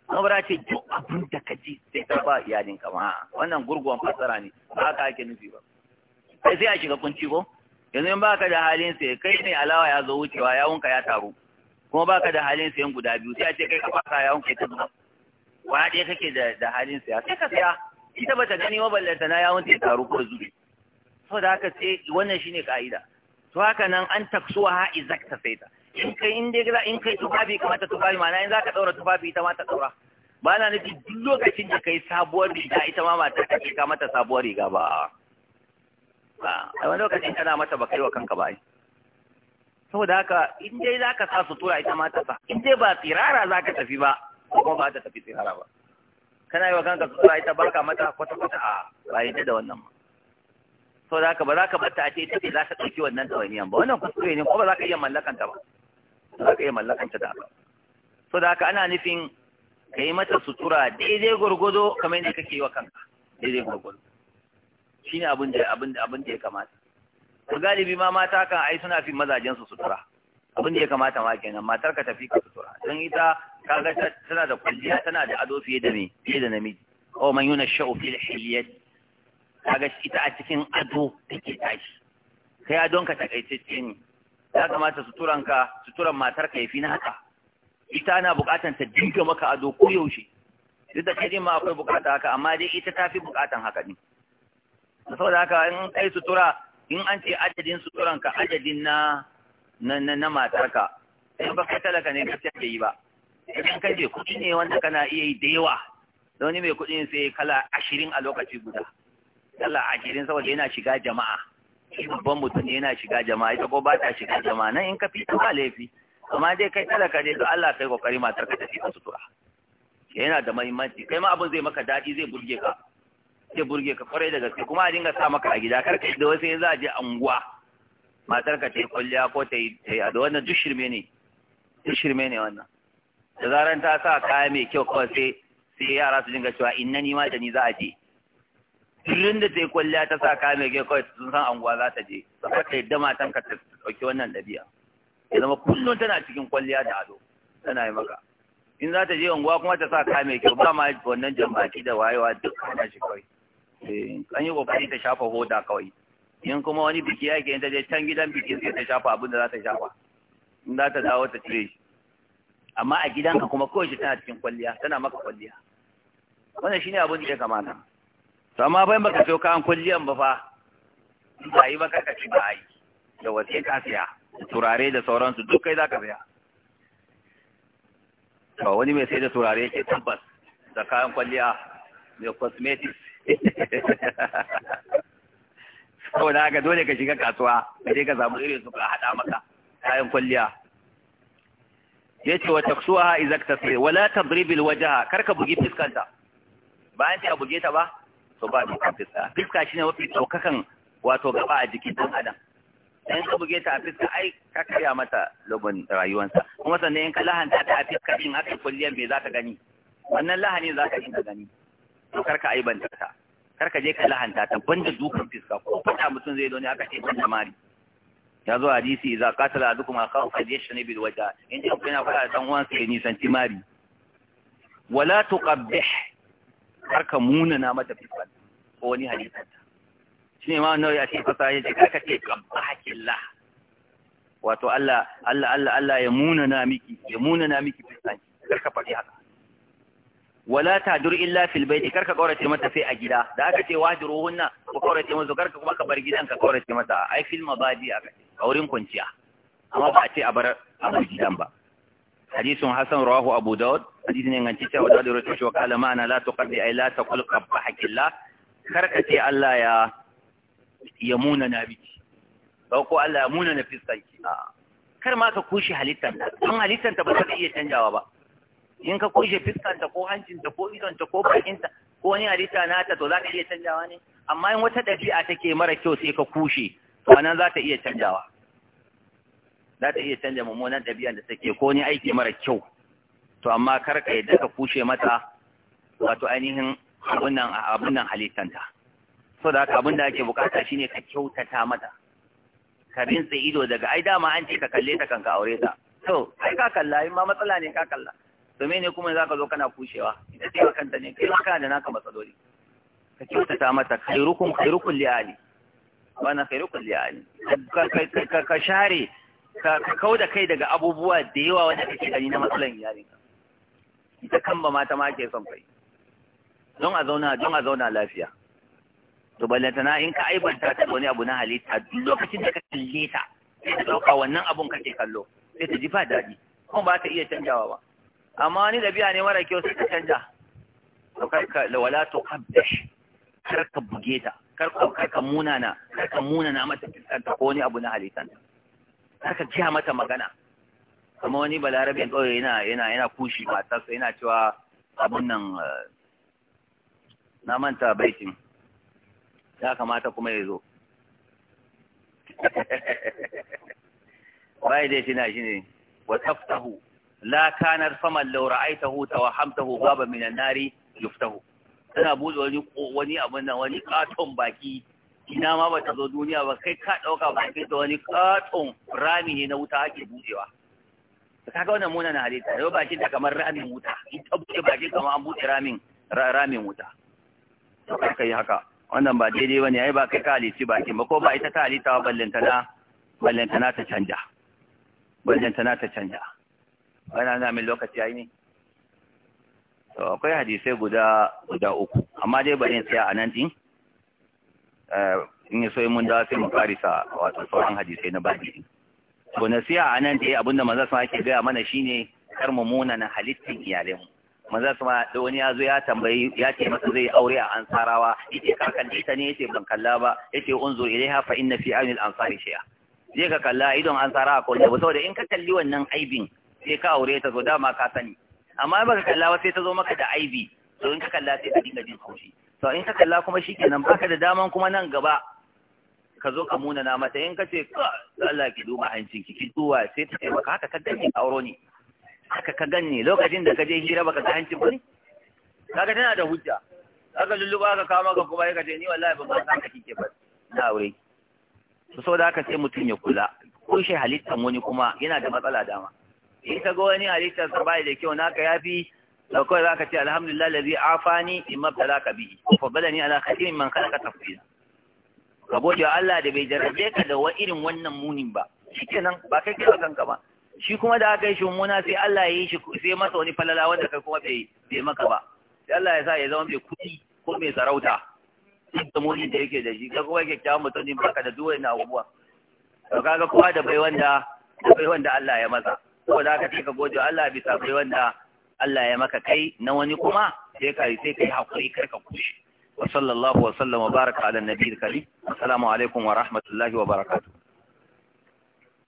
kuma bara ce duk abin da ka ji sai ka ba iyalin ka ma wannan gurguwan fasara ne ba ka ake nufi ba sai sai a shiga kunci ko yanzu in baka da halin sai kai ne alawa ya zo wucewa yawunka ya taru kuma baka da halin sayan guda biyu sai a ce kai ka fasa yawunka ya taru wa ɗaya kake da halin saya sai ka saya ita bata gani ba na yawon ta taru ko so da haka sai wannan shine ka'ida to haka nan an taksuwa ha ta saita in kai in dai in kai tufafi kamata tufafi na in zaka daura tufafi ita ma ta daura ba na nufi duk lokacin da kai sabuwar riga ita ma mata ta ka mata sabuwar riga ba ba a wani lokacin kana mata ba kai wa kanka ba saboda haka in dai za ka sa sutura ita ma ta sa in dai ba tsirara za ka tafi ba kuma ba ta tafi tsirara ba kana yi wa kanka sutura ita baka mata kwata kwata a bayan da wannan ma so da ka ba za ka bata a ce ita ce za ka ɗauki wannan ɗawainiyan ba wannan kuskure ne ko ba za ka iya mallakan ta ba za ka iya mallakan ta da ba so da haka ana nufin ka yi mata sutura daidai gwargwado kamar yadda kake yi wa kanka daidai gwargwado Shi abin da abin da abin da ya kamata to galibi ma mata kan ai suna fi mazajen su sutura abin da ya kamata ma kenan matar ka tafi ka sutura don ita kaga tana da kwalliya tana da ado fiye da me fiye da namiji o man shau fil hilyat kaga ita a cikin ado take tashi kai adon ka takaitacce ne ya kamata suturan ka suturan matar ka yafi na haka ita ana bukatan ta dinga maka ado ko yaushe duk da kai ma akwai bukata haka amma dai ita tafi bukatan haka ne saboda haka in kai sutura in an ce adadin suturan ka adadin na na na matarka in ba ka talaka ne ka ce yi ba idan ka je kuɗi ne wanda kana iya yi da yawa da wani mai kuɗi sai kala ashirin a lokaci guda kala ashirin saboda yana shiga jama'a shi babban mutum ne yana shiga jama'a ita ko ba ta shiga jama'a nan in ka fi ba laifi amma dai kai talaka dai to Allah kai kokari matar ka tafi ka sutura yana da muhimmanci kai ma abin zai maka daɗi zai burge ka zai burge ka kwarai da gaske kuma a dinga sa maka a gida kar ka da wasu za a je anguwa matar ka ta yi kwalliya ko ta yi A da wannan duk shirme ne duk shirme ne wannan da zaran ta sa kaya mai kyau kawai sai sai yara su dinga cewa inna ni ma da ni za a je kullun da ta yi kwalliya ta sa kaya mai kyau kawai sun san anguwa za ta je saboda ta yadda matan ka ta dauki wannan ɗabi'a ya zama kullun tana cikin kwalliya da ado tana yi maka in za ta je unguwa kuma ta sa kaya mai kyau ba ma wannan jambaki da wayewa duk kana shi kawai eh, an yi kokari ta shafa hoda kawai in kuma wani biki yake in ta je can gidan biki sai ta shafa abin da za ta shafa in za ta dawo ta cire shi amma a gidanka kuma shi tana cikin kwalliya tana maka kwalliya wannan shine abin da ya kamata to amma bayan baka sayo kayan kwalliyan ba fa ba yi baka kaci ba yi da wace ka siya turare da sauransu duk kai zaka siya to wani mai sai da turare yake tabbas da kayan kwalliya mai cosmetics saboda haka dole ka shiga kasuwa ka je ka samu irin su ka hada maka kayan kwalliya yace wa taksuha ta tasri wa la waje ha karka bugi fiskanta bayan ta buge ta ba to ba ni fiska fiska shi ne mafi saukakan wato gaba a jikin dan adam in ka buge ta a fiska ai ka karya mata lobin rayuwarsa kuma sannan in ka lahanta ta a fiska din aka kulliyan me ka gani wannan lahani ka yi ka gani to karka aibanta ta karka je ka lahanta ta banda dukan fiska ko fada mutum zai zo ne aka ce banda mari ya zo hadisi idza qatala ahadukum akahu falyashni bil wajha in ji kuna fara dan uwan sai ni san timari wala tuqabbih har ka muna na mata fiskal ko wani hadisi shine ma nau'i a ce fasa ya ce karka ce qabbahillah wato Allah Allah Allah Allah ya muna na miki ya muna na miki fiskal kar ka faɗi haka wala ta dur illa fil baiti karka kaurace mata sai a gida da aka ce wahjuruhunna ko kaurace mata karka kuma ka bar gidan ka kaurace mata ai fil mabadi aka ce a wurin kwanciya amma ba a ce a bar a bar gidan ba hadisun hasan rawahu abu daud hadisin yanganci wa da da rutu wa kala ma'ana la tuqaddi ay la taqul qabba hakilla karka ce Allah ya ya muna nabiki Dauko Allah ya muna na fiskanki kar ma ka kushi halittar ta don halittar ta ba ta iya canjawa ba in ka kushe fiskanta ko hancinta ko idonta ko bakinta ko wani halitta nata to za ka iya canjawa ne amma in wata ɗabi'a take mara kyau sai ka kushe to anan za ta iya canjawa za ta iya canja mummunan ɗabi'a da take ko wani aiki mara kyau to amma kar ka yadda ka kushe mata wato ainihin abin nan halittanta so da haka abin da ake bukata shine ka kyautata mata ka rinse ido daga ai dama an ce ka kalle ta kanka aure ta to ai ka kalla in ma matsala ne ka kalla to ne kuma za ka zo kana kushewa ita ce wa kanta ne kai ma kana da naka matsaloli ka kyautata mata khairukum khairukum li ali wana khairukum li ali ka ka ka share ka ka kauda kai daga abubuwa da yawa wanda kake gani na matsalan ka ita kan ba mata ma ke son kai don a zauna don a zauna lafiya to na in ka aibanta ta wani abu na halitta duk lokacin da ka kalle ta sai ta dauka wannan abun kake kallo sai ta ji ba daɗi kuma ba ta iya canjawa ba amma wani ɗabi'a ne mara kyau sai ka canja karka wala kar ka buge ta na, kar munana muna munana mata fiskanta ko ni abu na Kar ka kiya mata magana Amma wani balarabe kawai yana yana yana kushi sai yana cewa abun nan eh, na manta baitin ya kamata kuma ya zo bai dai shi na shi ne wa taftahu la kanar faman law ra'aytahu tawhamtahu baba min an-nari yuftahu tana buɗe wani wani abin nan wani katon baki ina ma ba ta zo duniya ba kai ka dauka bakin ta wani katon rami ne na wuta ake buɗewa ka ga wannan munan halitta yau bakin ta kamar ramin wuta in ta buɗe bakin kamar an buɗe ramin ramin wuta to kai yi haka wannan ba daidai bane ai ba kai ka halitti bakin ba ko ba ita ta halitta ba ballantana ballantana ta canja ballantana ta canja ana na min lokaci ai ne to akwai hadisai guda guda uku amma dai bari in tsaya a nan din eh, in yi so mun da sai mu karisa wato sauran hadisai na baki to nasiha a nan dai abinda manzo sama yake gaya mana shine kar mu munana halittin iyalanmu manzo sama da wani ya zo ya tambayi ya ce masa zai aure a ansarawa yace ka kalle ta ne yace ban kalla ba yace unzur ilaiha fa inna fi ayni al-ansari shay'a je ka kalla idon ansara ko ne saboda in ka kalli wannan aibin sai ka aure ta zo dama ka sani amma ka kalla sai ta zo maka da I_V. to in ka kalla sai ka dinga jin haushi to in ka kalla kuma shikenan baka da daman kuma nan gaba ka zo ka muna na mata in ka ce Allah ki duba hancin ki ki duwa sai ta kai maka haka ka gani auro ne haka ka gani lokacin da ka je hira baka ga hancin bane kaga tana da hujja aka lulluba aka kawo maka kuma ya kace ni wallahi ban san ka kike ba na aure to saboda haka sai mutum ya kula ko shi halittan wani kuma yana da matsala dama in ka ga wani halittar sa bai da kyau naka yafi da kawai ka ce alhamdulillah allazi afani in mabtala ka bi fa balani ala khatimin man khalaqa tafsila ka gode wa Allah da bai jarrabe ka da wa irin wannan munin ba shikenan ba kai kira kanka ba shi kuma da aka yi shi muna sai Allah ya yi shi sai masa wani falala wanda kai kuma bai bai maka ba sai Allah ya sa ya zama mai kudi ko mai sarauta duk da munin da yake da shi ka kuma kyawun mutum ne baka da na abubuwa to kaga kowa da bai wanda da bai wanda Allah ya masa saboda haka sai ka gode Allah bisa kai wanda Allah ya maka kai na wani kuma sai ka sai kai hakuri kar ka kushe wa sallallahu wa sallama baraka ala nabiyil karim assalamu alaikum wa rahmatullahi wa barakatuh